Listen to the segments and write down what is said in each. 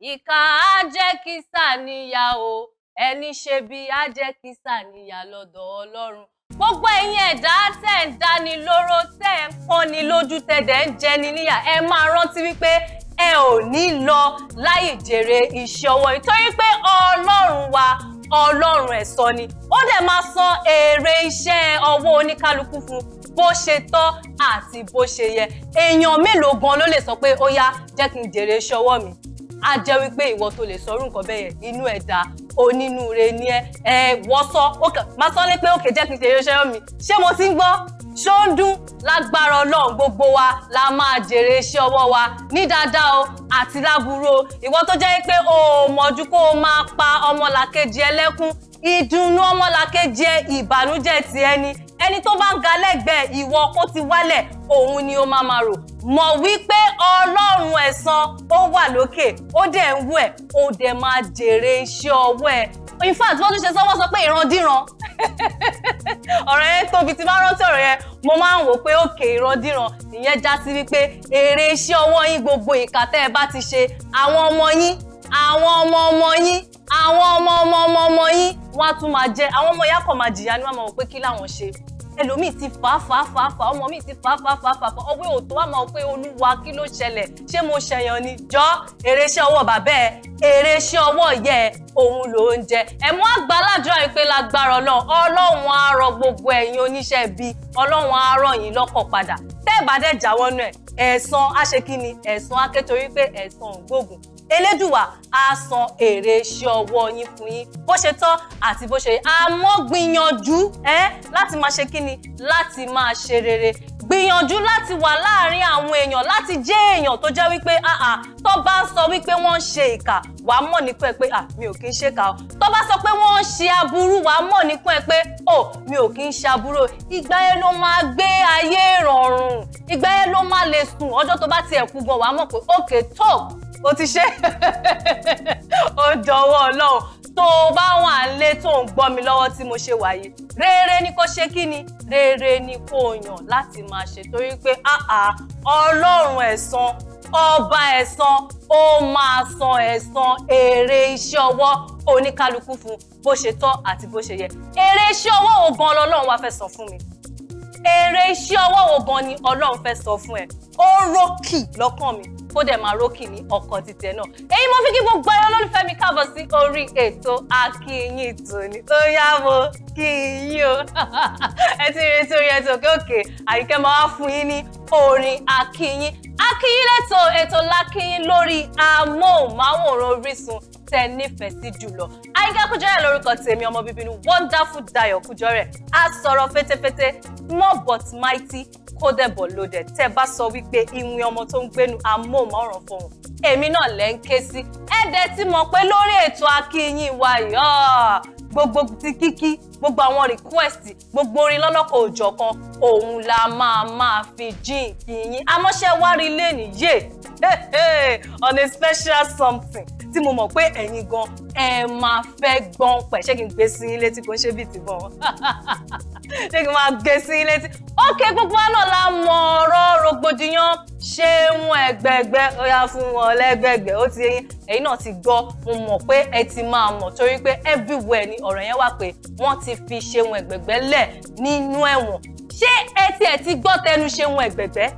ìkà á jẹ́ kí sàníyà o ẹni ṣe bí á jẹ́ kí sàníyà lọ́dọ̀ ọlọ́run gbogbo ẹ̀yin ẹ̀dá tẹ̀ ń dáni lóró tẹ̀ ń pọ́ni lójú tẹ̀dẹ̀ ń jẹni níyà ẹ máa rántí wípé ẹ ò ní lọ láì jèrè iṣẹ́ ọwọ́ nítorí pé ọlọ́run wa ọlọ́run ẹ̀sọ́ ni ó dẹ̀ máa san èrè iṣẹ́ ọwọ́ oníkálukú fún bó ṣe tọ́ àti bó ṣe yẹ èèyàn mélòó gan ló lè sọ pé ó yá jẹ́ kí n jèrè iṣẹ́ ọwọ́ mi á jẹ́ wípé ìwọ tó lè sọrú nǹkan bẹ́ẹ̀ yẹn inú ẹ̀ dá onínúure ni ẹ ẹ wọ́sọ́ má sọ lé pé òkè jẹ́ kí n ṣe iṣẹ́ mi ṣé mo ti ń gbọ́ ṣóńdún lágbára ọlọ́run gbogbo wa la máa jèrè iṣẹ́ ọwọ́ wa ní dáadáa o àti láburú o ìwọ tó jẹ́ pé o mọ̀jú kó o máa pa ọmọlàkejì ẹlẹ́kún ìdùnnú ọmọlàkejì ẹ ìbànújẹ́ ti ẹni ẹni tó bá ń ga lẹ́gbẹ̀ẹ́ ìwọ kó ti wálẹ̀ òun ni ó máa máa rò mọ̀ wípé ọlọ́run ẹ̀san ó wà lókè ó dẹ̀ ń wù ẹ́ ó dẹ̀ máa jèrè iṣẹ́ ọwọ́ ẹ in fact wọ́n tún ṣe sọ wọ́n sọ pé ìrandíran ọ̀rọ̀ yẹn tóbi tí bá rántí ọ̀rọ̀ yẹn mo máa ń wò pé òkè ìrandíran ìyẹn já sí wípé èrè iṣẹ́ ọwọ́ yín gbogbo ìkà tẹ́ ẹ bá ti ṣe àwọn ọmọ yín àwọn ọmọ ọmọ yín àwọn ọmọ ọmọ ọmọ yín wọ́n á tún máa jẹ àwọn ọmọ ìyá kan máa jìyà ni wọ́n máa wò pé kí làwọn ṣe ẹlòmíì ti fà fà fà fà ọmọ mi ti fà fà fà fà fà ọwọ́ òtó àmọ́ pé olúwa kí ló ṣẹlẹ̀ ṣé mo ṣẹ̀yàn ni jọ́ èrè iṣẹ́ ọwọ́ bàbá ẹ̀ èrè iṣẹ́ ọwọ́ ìyá ẹ̀ òun ló ń jẹ ẹ̀mú àgbà aládùúrà yìí pé lágbára ọlọ́run ọlọ́run á rọ gbogbo ẹ̀yin oníṣẹ́ ibi ọlọ́run á rọ̀ yín lọ́kọ̀ padà tẹ́ ẹ̀ bá dẹ̀ jáwọ́ ẹ̀ ẹ̀san á ṣe kí ni ẹ̀san á ké elédùwà á san èrè iṣẹ́ ọwọ́ yín fún yín bó ṣe tọ́ àti bó ṣe àmọ́ gbìyànjú ẹ́ láti máa ṣe kíni láti máa ṣe rere gbìyànjú láti wà láàárín àwọn èèyàn láti jẹ́ èèyàn tó jẹ́ wípé àà tó bá ń sọ wípé wọ́n ń ṣe ìkà wà á mọ̀ nípa ẹ̀ pé à mi ò kí ń ṣe ìkà o tó bá sọ pé wọ́n ń ṣe aburú wà á mọ̀ nípa ẹ̀ pé ò mi ò kí ń ṣe aburú ìgbà yẹn ló máa gbé ayé ìrọ̀rùn ìgbà yẹn ló máa lè sùn ọjọ́ tó bá tiẹ̀ kú gan wà á mọ̀ pé òkè tó o ti ṣe ó dọwọ́ ọlọ́run tó o bá wà lé tó ń gbọ́ mi lọ́wọ́ tí mo ṣe wàyí rere ni kò ṣe kí ni rere ni kò yàn láti máa ṣe torí pé ọlọ́run ẹ̀san ọba ẹ̀san ó máa san ẹ̀san èrè iṣẹ́ ọwọ́ oníkálukú fún bó ṣe tọ́ àti bó ṣe yẹ èrè iṣẹ́ ọwọ́ wo gan ọlọ́run wá fẹ́ san fún mi èrè iṣẹ́ ọwọ́ wo gan ni ọlọ́run fẹ́ san fún ẹ ó rókì lọ́kàn mi kó dẹ̀ máa rókì ní ọkọ̀ títẹ̀ náà. èyí mo fi kí gbogbo ayé olólùfẹ́ mi káàbọ̀ sí orí ètò akínyìn tòní tó yá mo kí yín o. ẹ ti rí etí orí ẹtì òkè òkè àyíkẹ́ máa wá fún yín ní orin akínyìn. akínyìn lẹ́tọ̀ ètò lákínyìn lórí amóhùnmáwòrán Orísun tẹ nífẹ̀ẹ́ sí jùlọ. Àyìnkẹ́ Kújọ́rẹ̀ lórúkọ tèmi ọmọ bíbí ni wonderful Dayọ̀ Kújọ́rẹ̀. A sọ̀rọ̀ fetefete, small but mighty ó dẹ̀bọ̀ ló dẹ̀ tẹ́ bá sọ wípé ìwìn ọmọ tó ń gbénu amóhùnmáwòrán fọhùn èmi náà lẹ́ ń ké sí ẹ̀ẹ́dẹ̀ tí mo pé lórí ètò akínyìn wa yọ̀ọ́ gbogbo ti kíkí gbogbo àwọn request gbogbo orin lọ́lọ́kọ̀ òjọ̀kan òun la máa máa fi jíǹkì yín amọ́ṣẹ́ wá rí lẹ́nìí on a special something tí mo mọ̀ pé ẹ̀yin gan ẹ máa fẹ́ gbọ́n pẹ̀ ṣé kí n gbé sí yín létí kó ṣe bíi ti gan ṣé kí n máa gbé sí yín létí. ókè gbogbo àná la mọ ọ̀rọ̀ rògbòdìyàn ṣé wọn ẹgbẹgbẹ ó fún wọn lẹgbẹgbẹ ó ti yẹn ẹ̀yin náà ti gbọ́ mo mọ̀ pé ẹ ti máa mọ̀ torí pé everywhere ni ọ̀rọ̀ yẹn wà pé wọ́n ti fi Ṣeun Ẹ̀gbẹ̀gbẹ́ lẹ̀ nínú ẹ̀wọ̀n ṣé ẹ tiẹ̀ ti gbọ́ tẹnu Ṣeun Ẹ̀gbẹ̀gbẹ́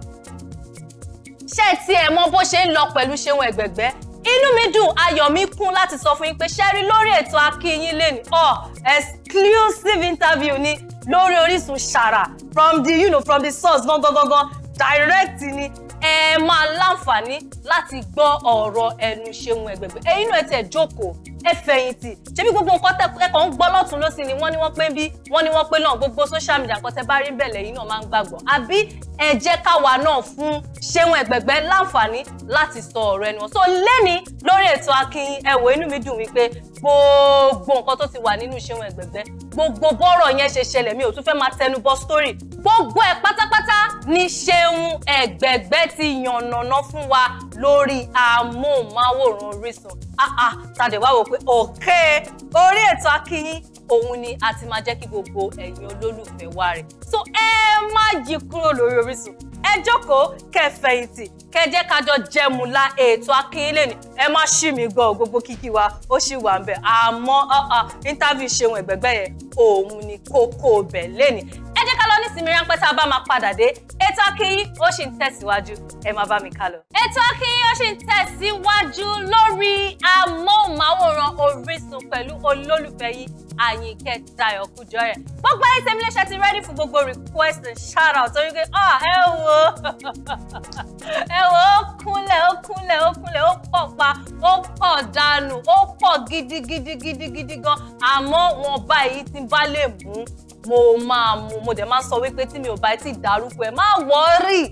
ṣé ẹ tiẹ̀ mọ bó ṣe ń lọ pẹ̀lú Ṣeun Ẹ̀gbẹ̀gbẹ́ inú mi dùn ayọ̀ mi kún láti sọ fún yín pé ṣẹ́rí lórí ètò akínyìn lẹ́nu oh exclusive interview ni lórí Orísun ṣàrà from the you know from the source gangan gangan direct ni ẹ máa láǹfààní láti gbọ́ ọ̀rọ̀ ẹnu Ṣeun Ẹgbẹgbẹ ẹ̀yin náà tẹ̀ jókòó ẹ fẹ̀yìntì ṣebí gbogbo nǹkan tẹ́kọ̀ọ́ ń gbọ́ lọ́tún lọ́sìn ni wọ́n ní wọ́n pé bí wọ́n ní wọ́n pé náà gbogbo social media nǹkan tẹ́ bá rí bẹ́ẹ̀ lẹ́yìn náà máa ń gbàgbọ́ àbí ẹ jẹ́ káwa náà fún Ṣeun Ẹgbẹgbẹ láǹfààní láti sọ ọ̀rọ̀ ẹnu so lẹ́ni lórí ètò Akíìyín ẹ wò inú mi dùn wípé gbogbo nǹkan tó ti wà nínú Ṣeun Ẹgbẹgbẹ gbogbo bọ́rọ̀ yẹn ṣe ṣẹlẹ̀ mi ò tún fẹ́ máa tẹnubọ story gbogbo ẹ̀ pátápátá ní ṣeun ẹ̀gbẹ̀gbẹ́ ti yànnàná fún wa lórí amóhùnmáwòrán Orísun Ah, ah, tàdé wá wò pé ọ̀kẹ́ orí ètò akínyìn òun ni a ti máa jẹ́ kí gbogbo ẹ̀yin olólùfẹ́ wa rẹ̀ so ẹ má yí kúrò lórí Orísun ẹ jókòó kẹfẹ̀yìntì kẹjẹ́ kájọ jẹmúlá ètò akínyìn lẹ́nu ẹ má ṣì mí gbọ́ gbogbo kíkí wa ó ṣì wà ń bẹ̀ àmọ́ ah, interview ṣeun ẹ̀gbẹ́gbẹ́ yẹn òun ni kókó bẹ̀ lẹ́nu ẹ jẹ́ ká lọ ní ìsinmi ráńpẹ́ tá a bá máa padà dé ètò akínyìn ó sì ń tẹ̀síwájú ẹ máa bá mi ká lọ. ètò akínyìn ó sì ń tẹ̀síwájú lórí amóhùnmáwòrán Orísun pẹ̀lú olólùfẹ́ yìí Àyìnkẹ́ Dayọ̀ Kújọrẹ̀ gbogbo ayé tẹ̀mí léṣe ti ready fún gbogbo request and shout out torí pé ọ oh, ẹ wo ẹ wo ó kúnlẹ̀ ó kúnlẹ̀ ó kúnlẹ̀ ó pọ̀ pa ó pọ̀ dànù ó pọ̀ gidigidigidigidi àmọ́ wọn báyìí ti bá lè mú mo máa mu mo dẹ̀ máa sọ wípé tí mi ò bá ti dárúkọ ẹ̀ má wọ́rì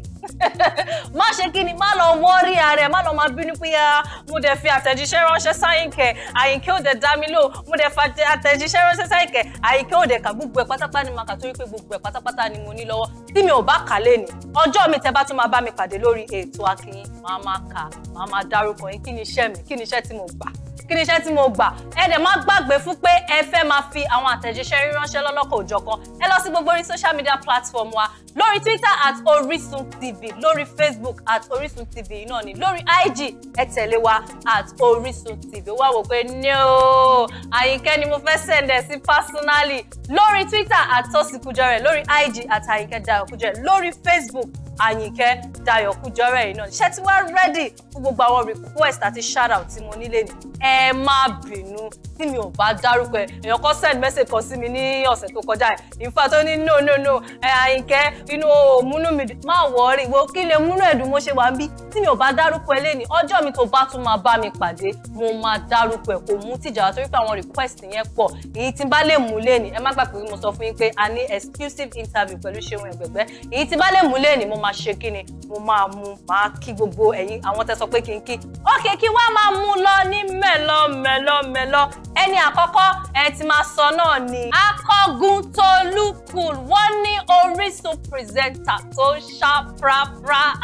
má ṣe kí ni má lọ wọ́rì ara ẹ̀ má lọ máa bínú pé ya ah, mo dẹ̀ fi àtẹ̀jíṣẹ́ ránṣẹ́ sáyìnkẹ́ àyìnkẹ́ ò dẹ̀ dá mi lò mo dẹ̀ fa àtẹ̀jíṣẹ́ ránṣẹ́ sáyìnkẹ́ àyìnkẹ́ ò dẹ̀ kà gbogbo ẹ̀ pátápátá ni màá kà torí pé gbogbo ẹ̀ pátápátá ni mo ní lọ́wọ́ tí mi ò bá kà lé ní ọjọ́ mi tẹ́ bá tún máa bá mi pàdé lórí ètò Àkíìyín màá máa kà màá máa dárúkọ yín kí ni iṣẹ́ mi kí ni iṣẹ́ tí mo gbà kí ni iṣẹ́ tí mo gbà ẹ dẹ̀ má gbàgbé fún pé ẹ fẹ́ máa fi àwọn àtẹ̀jíṣẹ́ yín ránṣẹ́ lọ́lọ́kọ̀ òjọ̀kan ẹ lọ sí gbogbo orí social media platform wa lórí Twitter at Orisun TV lórí Facebook at Orisun TV náà ni lórí IG ẹ tẹ̀lé wa at Orisun TV wá wò pé ní o ni mo fẹ́ sẹ̀ndẹ̀ sí personally lórí Twitter at Tosin Kujore lórí IG at Àyìnkẹ́ Dayo Kujore lórí Facebook àyìnkẹ́ dayọ̀ kújọ́rẹ́ yìí náà ṣé ti wá rẹ́dì fún gbogbo àwọn request àti shout out tí mo nílé ni ẹ má bínú tí mi ò bá dárúkọ ẹ èèyàn kan send message kan sí mi ní ọ̀sẹ̀ tó kọjá ẹ̀ ìfà tó ní no no no àyìnkẹ́ inú òmùnú mi má wọrí wo kí lè múnú ẹ̀dùn mo ṣe wà ń bí tí mi ò bá dárúkọ ẹ lẹ́ni ọjọ́ mi tó bá tún máa bá mi pàdé mo máa dárúkọ ẹ kò mú tìjà torí pé àwọn request yẹn pọ̀ èyí tí n bá lè mú lẹ́ni ẹ má gbàgbé mo sọ fún yín pé a ní exclusive interview pẹ̀lú Ṣeun Ẹ̀gbẹ̀gbẹ́ èyí tí n bá lè mú lẹ́ni mo máa máa ṣe kí ni mo máa mu máa kí gbogbo ẹ̀yin àwọn tẹ́ sọ pé kí n kí ókè kí wá máa mú lọ ní mẹ́lọ́mẹ́lọ́mẹ́lọ́ ẹni àkọ́kọ́ ẹ ti máa sọ náà ni akọ́gun Tolúkùl wọ́n ní Orísun pírẹsẹ́ńtà tó ṣàpràprà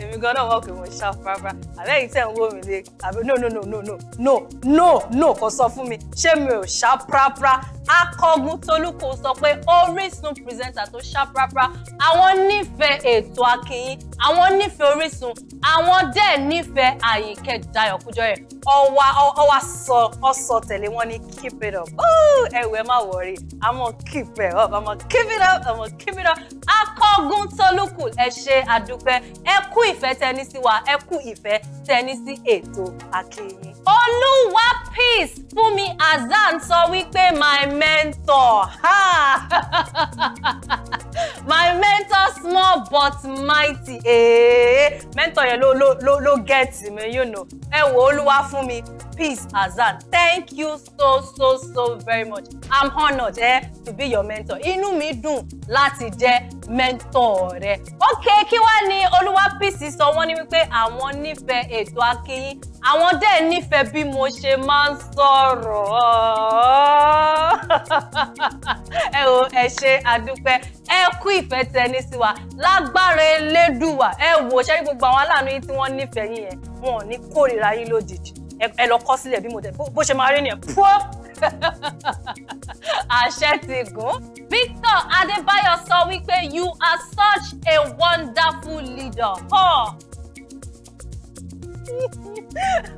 èmi gan náà wọ́n pè wọ́n ṣàpràprà àbẹ́yìn tẹ̀ ń wò mí lé àbẹ́ no no no no no no no no kò sọ fún mi ṣé mi ò ṣàpràprà akọgun tolúkọ sọ pé orísun pírẹsẹńtà tó ṣàprápra àwọn nífẹ̀ẹ́ ètò akínyìn àwọn nífẹ̀ẹ́ orísun àwọn dẹ̀ nífẹ̀ẹ́ àyìnkẹ́ dayọ̀ kújọ́rẹ̀ ọwà ọwà sọ ọsọ tẹ̀lé wọn ní keep it up ẹ̀wẹ̀ má wọ̀rí àmọ́ keep it up àmọ́ keep it up àmọ́ keep it up akọgun tolúkù ẹ ṣe àdúpẹ́ ẹ kú ìfẹ́ tẹni sí wa ẹ kú ìfẹ́ tẹni sí ètò akínyìn olúwa peace fúnmi azan sọ wípé my mentor ha my mentor small but mighty eh, mentor yẹn ló ló ló ló get me you know ẹ wò olúwa fún mi peace Azan. thank you so so so very much i'm honoured eh, to be your mentor inú mi dùn láti jẹ́ mentor rẹ. ok kí wàá ní olúwa peace sọ wọ́n ní wípé àwọn nífẹ̀ẹ́ ètò akínyìn àwọn dẹ̀ nífẹ̀ẹ́ bí mo ṣe máa ń sọ̀rọ̀ ẹ o ẹ ṣe àdúpẹ́ ẹ kú ìfẹ́ tẹni sí wa lágbára elédùwà ẹ wò ṣẹ́rí gbogbo àwọn aláàánú yìí tí wọ́n nífẹ̀ẹ́ yín yẹn wọn ò ní kórè kórìíra yín lódìdí ẹ lọ kọ sílẹ̀ bí mo tẹ bó ṣe máa rí nìyẹn pọ́. àṣẹ ti gùn. Victor Adébáyọ̀ sọ wípé you are such a wonderful leader. Huh? leader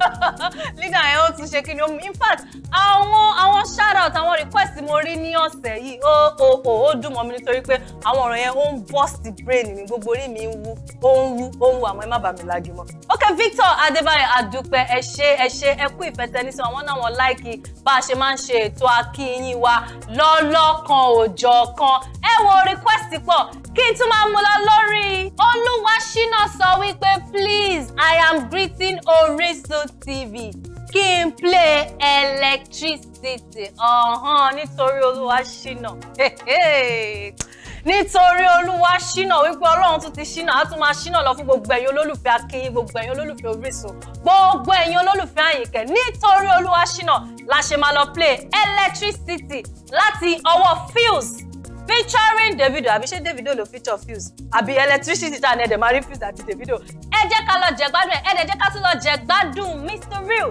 yẹn ó ti ṣe kí ni in fact àwọn àwọn shout out àwọn request mo rí ní ọ̀sẹ̀ yìí ó ó ó ó dùn mọ́ mi nítorí pé àwọn ọ̀rọ̀ yẹn ó ń burst brain mi gbogbo orí mi ń wú ó ń wú ó ń wú àmọ́ ẹ má bà mí lájú mọ́. ok Victor Adébáyọ̀ àdúpẹ́ ẹ ṣé ẹ ṣé ẹ kú ìfẹsẹ̀nísọ àwọn náà wọn láìkì bá a ṣe máa ń ṣe ètò akínyìn wa lọ́lọ́kan òjọ̀ kan ẹ wo request pọ̀ kí n tún máa mú lọ lórí Olúwaṣínà sọ wípé please I am greeting Ore Orísun TV kí n play electricity ọ̀hán nítorí olúwa ṣínà nítorí olúwa ṣínà wípé ọlọ́run tún ti ṣínà á tún máa ṣínà lọ fún gbogbo ẹ̀yin olólùfẹ́ akínyìn gbogbo ẹ̀yin olólùfẹ́ orísun gbogbo ẹ̀yin olólùfẹ́ àyìnkẹ́ nítorí olúwa ṣínà la ṣe máa lọ play electricity láti ọwọ́ fields featuring Davido àbí ṣé Davido ló feature fuse àbí electricity tá a ní ẹ̀dẹ̀ máa rí fuse àti Davido ẹ jẹ́ ká lọ jẹ gbádùn ẹ̀ ẹ̀dẹ̀ jẹ́ ká tún lọ jẹ gbádùn Mr Real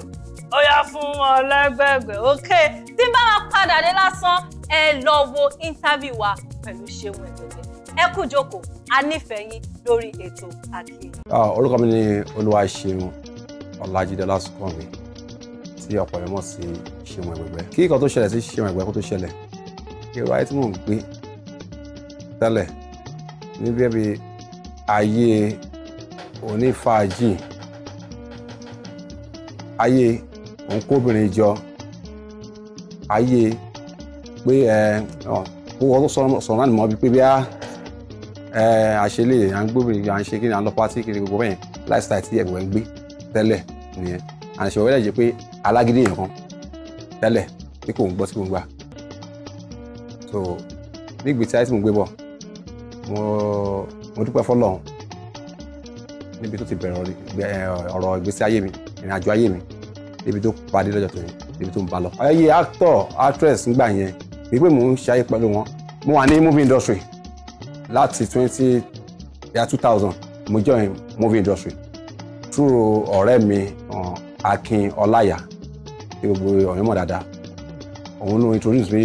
ó yá fún wọn lẹ́gbẹ̀gbẹ̀ ok tí n bá máa padà dé lásán ẹ lọ wo interview wa pẹ̀lú Ṣeun Ẹ̀gbẹ̀gbẹ̀ ẹ kú jókòó a nífẹ̀ẹ́ yín lórí ètò Àkíyè. orúkọ mi ni Olúwaṣeun Ọlájídé Lásùnkànmí tí ọ̀pọ̀ mi mọ̀ sí Ṣeun Ẹ̀gbẹ̀gbẹ̀ kí nǹkan tó ṣẹlẹ̀ sí Ṣeun Ẹ̀gbẹ̀gbẹ̀ kó tó ṣẹlẹ̀ èrò ayé tí mò ń gbé tẹ́lẹ̀ níbi ẹbí ayé onífàájì ayé òǹkóbìnrin jọ ayé pé ẹ kó wọ́n tó sọ̀rọ̀ náà mọ́ bí pé bí a àṣelé à ń gbóbìnrin à ń ṣe kí ni à ń lọ pátí kiri gbogbo bẹ́ẹ̀ lifestyle tí ẹ̀gbọ́n ń gbé tẹ́lẹ̀ nìyẹn àṣẹ òwúrẹ́ jẹ́ pé alágídí yẹn kan tẹ́lẹ̀ tí kò ń gbọ́ tí kò ń gbà so nígbèsí ayé tí mo gbé bọ̀ mo mo dúpẹ́ fọlọ́run níbi tó ti bẹ̀rẹ̀ ọ̀rọ̀ ìgbésí ayé mi ìrìn àjò ayé mi níbi tó parí lọ́jọ́ tó yẹn níbi tó ń bá lọ. ayé actor actress ń gbà yẹn wípé mò ń ṣayé pẹ̀lú wọn mo wà ní movie industry láti twenty ya two thousand mo join movie industry through ọ̀rẹ́ mi uh, Akin Ọláyà tí gbogbo ọ̀yàn mọ̀ dáadáa òun ló introduce mi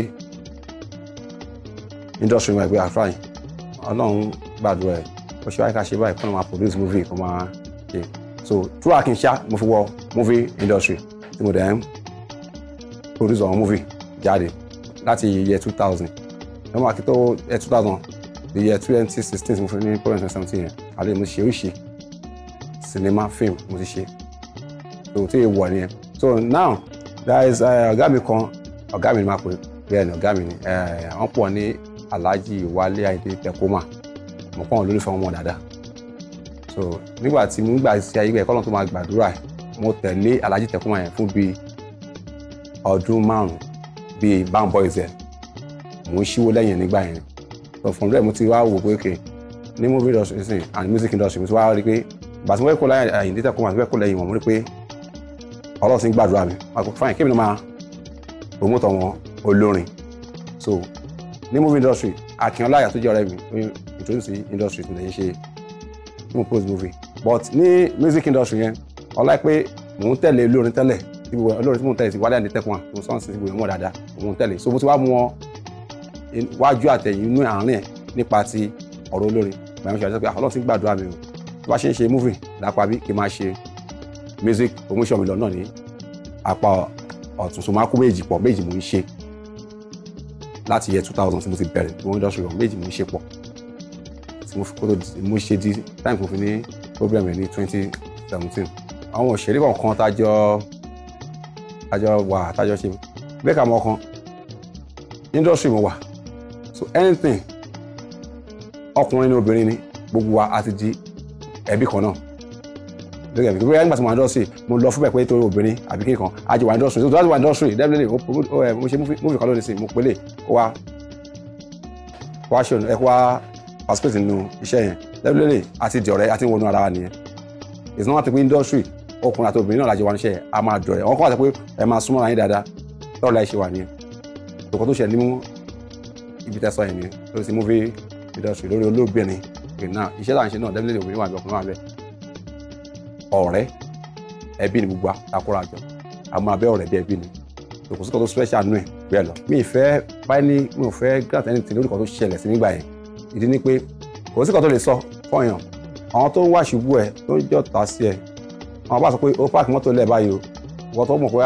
industry wọn ẹgbẹ́ àfáàyàn ọlọ́run gbàdúrà ẹ̀ ó ṣe wáyé ká ṣe báyìí kó máa produce movie kó máa ṣe so through akinṣá mo fi wọ movie industry tí mo dẹ̀ ń produce àwọn movie jáde láti year two thousand ẹ̀wọ̀n àti tó year two thousand the year twenty sixteen mo fi ní program twenty seventeen yẹn àlẹ́ mo ṣe oríṣi cinema film mo ti ṣe so tí èèwọ̀ nìyẹn so now there is eh, ọ̀gá mi kan ọ̀gá mi ni máa pè bẹ́ẹ̀ ni ọ̀gá mi ni eh, wọ́n pọ̀ ní alhaji wálé ayinde tẹkọmà mo kọ́ wọn ọmọ dáadáa so nígbà tí mo ń gbà sí ayé ẹ̀kọ́ lọ́n tó máa gbàdúrà mo tẹ̀lé alhaji tẹkọmà yẹn fún bíi ọdún márùn bíi bam boys ẹ̀ mo ń ṣíwó lẹ́yìn nígbà yẹn so from there mo ti wá wò pé ok ní movie industry and music industry mo ti wá rí pé bàtí mo fẹ́ kó láyé ayinde tẹkọmà mo fẹ́ kó lẹ́yìn wọn mo rí pé ọlọ́sìn gbàdúrà mi fine kí máa promote àwọn olórin so ní movie industry akínọlá àyà tó jẹ́ ọ̀rẹ́ mi introduce industry tó lè ń ṣe mú post movie but ní music industry yẹn ọlá pé mò ń tẹ̀lé olórin tẹ́lẹ̀ tí gbogbo olórin tí mò ń tẹ̀lé sí wálé àdé tẹ̀kùn àwọn sọ́ọ̀n sí gbogbo ìmọ̀ dáadáa mò ń tẹ̀lé so mo ti wá mú wọn wájú àtẹ̀yìn inú àárín ẹ̀ nípa ti ọ̀rọ̀ olórin gbàmí ṣe àti pé ah, Ọlọ́run ti gbàdúrà mi o tí wàá ṣe ń ṣe movie lápá bí kí n máa ṣe music promotion mi lọ́nà ní apá ọ̀tún so máa kó méjì pọ̀ méjì mò ń ṣe láti yẹ two thousand tí mo ti bẹ̀rẹ̀ tí wọ́n ń dọ́sùn lọ́wọ́ méjì mo ṣe pọ̀ tí mo fi kó tó mo ṣe di time mo fi ní problem ní twenty seventeen àwọn òṣèré kọ̀ọ̀kan tájọ tájọ wà tájọ ṣe bẹ́ẹ̀ kà mọ́ kan industry mo wà so anything ọkùnrin ni obìnrin ni gbogbo wa a ti di ẹbí kan náà lórí ẹbí gbogbo ẹgbàá tí mo wà industry mo lọ fún bẹ́ẹ̀ pé torí obìnrin àbí kéèkan àjẹwà industry so tó wà industry definitely mo ṣe múfì kan lónìí sí mo pélé wá wá ṣòro ẹ wá participate nínú iṣẹ́ yẹn lẹ́bílẹ́lẹ́ àti ìdìọ̀rẹ́ àti ìwọ̀nù ara wa nìyẹn it's not pé industry ọkùnrin àti obìnrin náà lájọ wa níṣẹ́ yẹn a máa dọ̀rẹ́ wọn kọ́ àti pé ẹ máa súnmọ́ra yín dáadáa lọ́rọ̀ láì ṣe wà nìyẹn ìkọ́ tó ṣe ní ibi tẹ́sán yẹn nìyẹn lórí ti movie industry lórí olóbìnrin ìpè náà iṣẹ́ là ń ṣe náà definitely obìnrin wà bẹ ọkùnrin wà bẹ ọ̀rẹ́ ẹbí ni gbogbo àkóra àjọ àmọ́ abẹ́ ọ̀rẹ́ bí ẹbí ni kò sí kan tó special nù ẹ̀ bẹ́ẹ̀ lọ báyìí ní mi ò fẹ́ grant anything lórí kan tó ṣẹlẹ̀ sí nígbà yẹn ìdí ni pé kò sí kan tó lè sọ fọyàn àwọn tó ń wá ṣubú ẹ tó ń jọta sí ẹ àwọn bá sọ pé ó páàkì mọ́tò lẹ̀ báyìí o wọ́n tó mọ̀ pé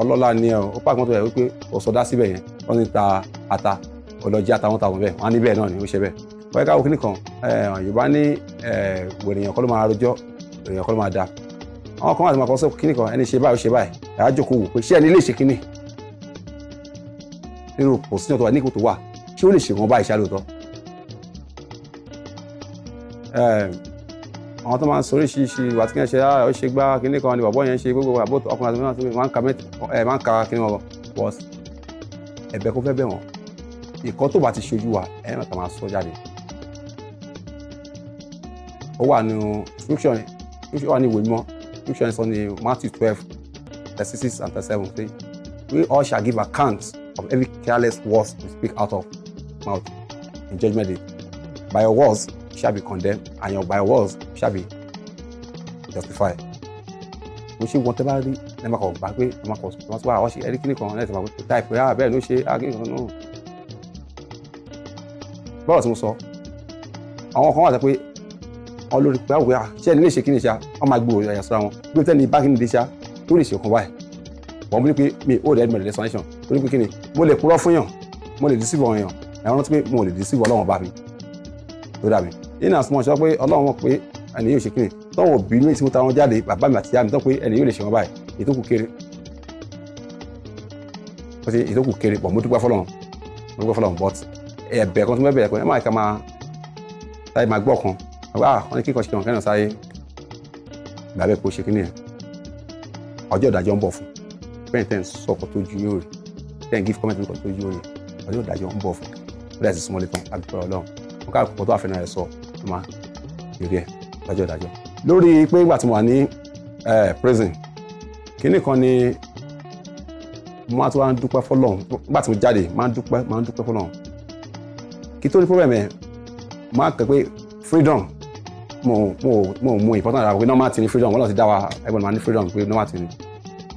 ọlọ́lá ni ẹ ó páàkì mọ́tò lẹ̀ wípé ó sọdá síbẹ̀ yẹn wọ́n ti ta ata ọlọ́jì àtàwọn tàwọn bẹ́ẹ̀ wọ́n á ní bẹ́ẹ̀ náà ni ó ṣe bẹ́ẹ̀ wọ́n ká wọ́kìnì kan eh, yorùbá ní eh, wèrèyàn kọ́ ló máa rojọ́ wèrèyàn kọ́ ló máa da àwọn kan wà tí wọ́n kọ́ sọ kíní kan ẹni ṣe báyìí ó ṣe báyìí ẹ̀ á jókòó wò pé ṣé ẹni lè ṣe kíní nínú pòsíṣàn tó wà ní ipò tó wà ṣé ó lè ṣèwọ́n báyìí ṣá lóòótọ́. àwọn tó máa ń sọ oríṣiríṣi ìwà tí kìnìún ṣe ah, ó ṣe gbá kìnìún kan ni bàbá yẹn ṣe gbogbo àbó ọkùnrin àti mìíràn tó máa ń ka kìnìún wọn wọ́ọ̀sì ẹ̀bẹ̀ kó fẹ́ bẹ̀ wọ́n ìkọ́ tó bá ti ṣojú wa ẹ̀yìn mẹ́ta máa sọ jáde ó wà nínú instruction instruction wà ní ìwé mímọ́ instruction sọ ní Matthew twelve thirty six and thirty seven pé we all shall give account of every careless words you speak out of mouth in judgment day. By your words you shall be condemned, and your by your words you shall be justified. Mo ṣe wọn tẹ́ bá rí ẹ máa kọ̀ gbà pé ẹ máa kọ̀ wọ́n ti wá àwọn ṣe ẹ̀rí kíní kan ẹ̀ ti máa ta ìpè á bẹ́ẹ̀ ló ṣe ágé ah, kan náà. Bọ́ọ̀lù tí mo sọ, àwọn kan wà sọ pé ọlórí pé àwòrán ah, ah, ṣé ẹni lè ṣe kíni ṣá wọ́n máa gbòòrò ẹ̀yà sọ́ra wọn. Bí o tẹ́lẹ̀ bá kíni di ṣá, ó lè ṣe ọkàn báyìí. Bọ̀ mo ní pé mi ò rẹ̀ ẹ̀dùnmọ̀ lẹ́sọ̀nẹ́sọ̀n torí pé kíni mo lè purọ́ fún yàn mo lè dísìbò ọ̀yàn ẹ̀rọ rántí pé mo lè dísìbò ọlọ́run bá mi tó dàbí in as much sọ pé ọlọ́run mọ̀ pé ẹni yóò ṣe kíni tọ́wọ́ bí mi tí mo ta wọn jáde bàbá mi àti ìyá mi tọ́ pé ẹni yóò lè ṣe wọn báyìí ìtókù kéré ó ṣe ìtókù kéré pọ̀ mo dúpẹ́ fọlọ́run mo dúpẹ́ fọlọ́run but ẹ̀bẹ̀ kan tó mẹ́bẹ̀ẹ́ pé ẹ má ká máa táyé máa gbọ́ kan ah wọ́n ní kíkọ́ ṣe kàn kẹ́nà sáyé gbàgbé kó ṣe kíni ẹ̀ ọjọ́ ìdájọ́ ń bọ̀ fún bẹ́ẹ̀ tẹ́ ń sọ̀kọ̀ tó ju yóò rí then give comment nǹkan tó yí òye ọdún ìdájọ́ ń bọ̀ fún un lẹ́sìn súnmọ́ lẹ́tàn agbára ọlọ́run wọn ká àpò tó àfẹnà rẹ̀ sọ ló máa yèrè ẹ̀ lọ́jọ́ ìdájọ́. lórí pé ìgbà tí mo wà ní prison kínní kan ni mo máa tún wá ń dúpẹ́ fọlọ́run nígbà tí mo jáde máa ń dúpẹ́ máa ń dúpẹ́ fọlọ́run kí tó ní problem ẹ̀ máa kẹ́ pé freedom mo mo mo mo important ara pé normal ti freedom wọ́n lọ ti dá wa ẹgbẹ́ mi máa ní freedom pé normal ti ni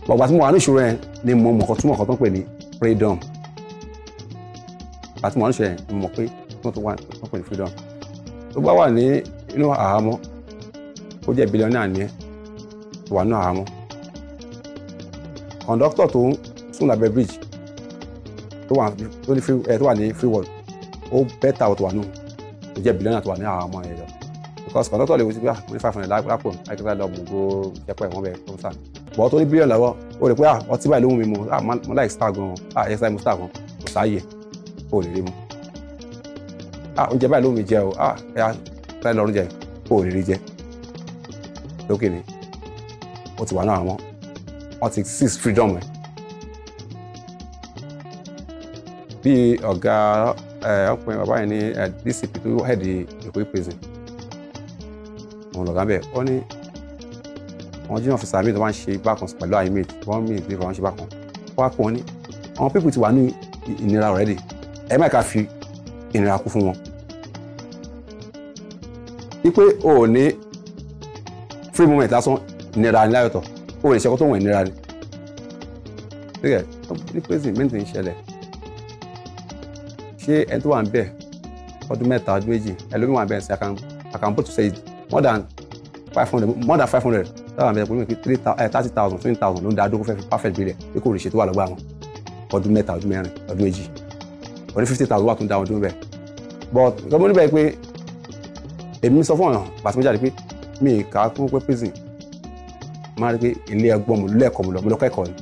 bọ̀gbà tí mo wà ní ìṣòro yẹn ni mo mọ̀kọ́ túmọ̀ kọ́ tó ń pè ní freedom àti mọ̀ ń ṣe mọ̀ pé wọ́n tó wà wọ́n pè ní freedom tó bá wà ní inú àhámọ́ ó jẹ́ bílíọ̀nù ní ẹ̀ tó wà nínú àhámọ́ kọ̀ǹdọ́tọ̀ tó ń sùn lábẹ́ bridge tó wà tó ní free ẹ̀ tó wà free world ó bẹ́tà tó wà nù ó jẹ́ bílíọ̀nù tó wà ní àhámọ́ ẹ̀ lọ because kọ̀ǹdọ́tọ̀ lè wo sí pé ah ní five hundred lápò láìpẹ́ lọ́ọ́ mú gbó jẹ́pẹ́ wọ́n bẹ̀ tó ń sàn bọ́ tó ní bílíọ̀nù lọ́wọ́ ó rẹ̀ pé ah, ọtí báyìí lóhùn mi mu ah, mo láì star gan ah yes i mo star gan kò sáàyè ó lè rí mu ah oúnjẹ báyìí lóhùn mi jẹ o ah ẹ̀yà láì lọ́rùn jẹ ó lè rí jẹ lókè ni ó ti wà náà àwọn wọ́n ti seize freedom ẹ̀ bí ọ̀gá ọkùnrin bàbá yẹn ní dcp tó hẹ̀dì Ìkòyí prison òun lọ̀gá bẹ́ẹ̀ ó ní àwọn junior officer mi tó bá ń ṣe bákan pẹ̀lú àyè mi wọ́n mi ìgbé wọn ṣe bákan wọ́n á pọ̀ ní àwọn pípù ti wà ní ìnira already ẹ má ká fi ìnira kú fún wọn. ipe o ò ní free moment lásán ìnira ni láyọ̀tọ̀ o ò ní ṣẹ́kọ́ tó wọ̀n ìnira ni. sígẹ̀ ní prison mẹ́tì ń ṣẹlẹ̀ ṣé ẹni tó wà ń bẹ̀ ọdún mẹ́ta ọdún méjì ẹlòmíràn wà ń bẹ̀ ṣe I can more than five hundred more than five hundred táwọn àmì ẹ̀kọ́ mi pé three eh, thirty thousand twenty thousand ló ń da dókó fẹ́ fi perfect bilẹ̀ pé kò rìṣẹ́ tó wà lọ́gbà wọn ọdún mẹ́ta ọdún mẹ́rin ọdún méjì ọdún fifty thousand wà tó ń da wọn dúró bẹ́ẹ̀ but nǹkan mọ́ níbẹ̀ pé èmi sọ fún ọ̀nà pàṣẹ méjì àti pé mi ì ká kún pé prison máa rí pé ilé ẹgbọ́n mo lẹ́ẹ̀kọ́ mo lọ mo lọ kẹ́kọ̀ọ́ ni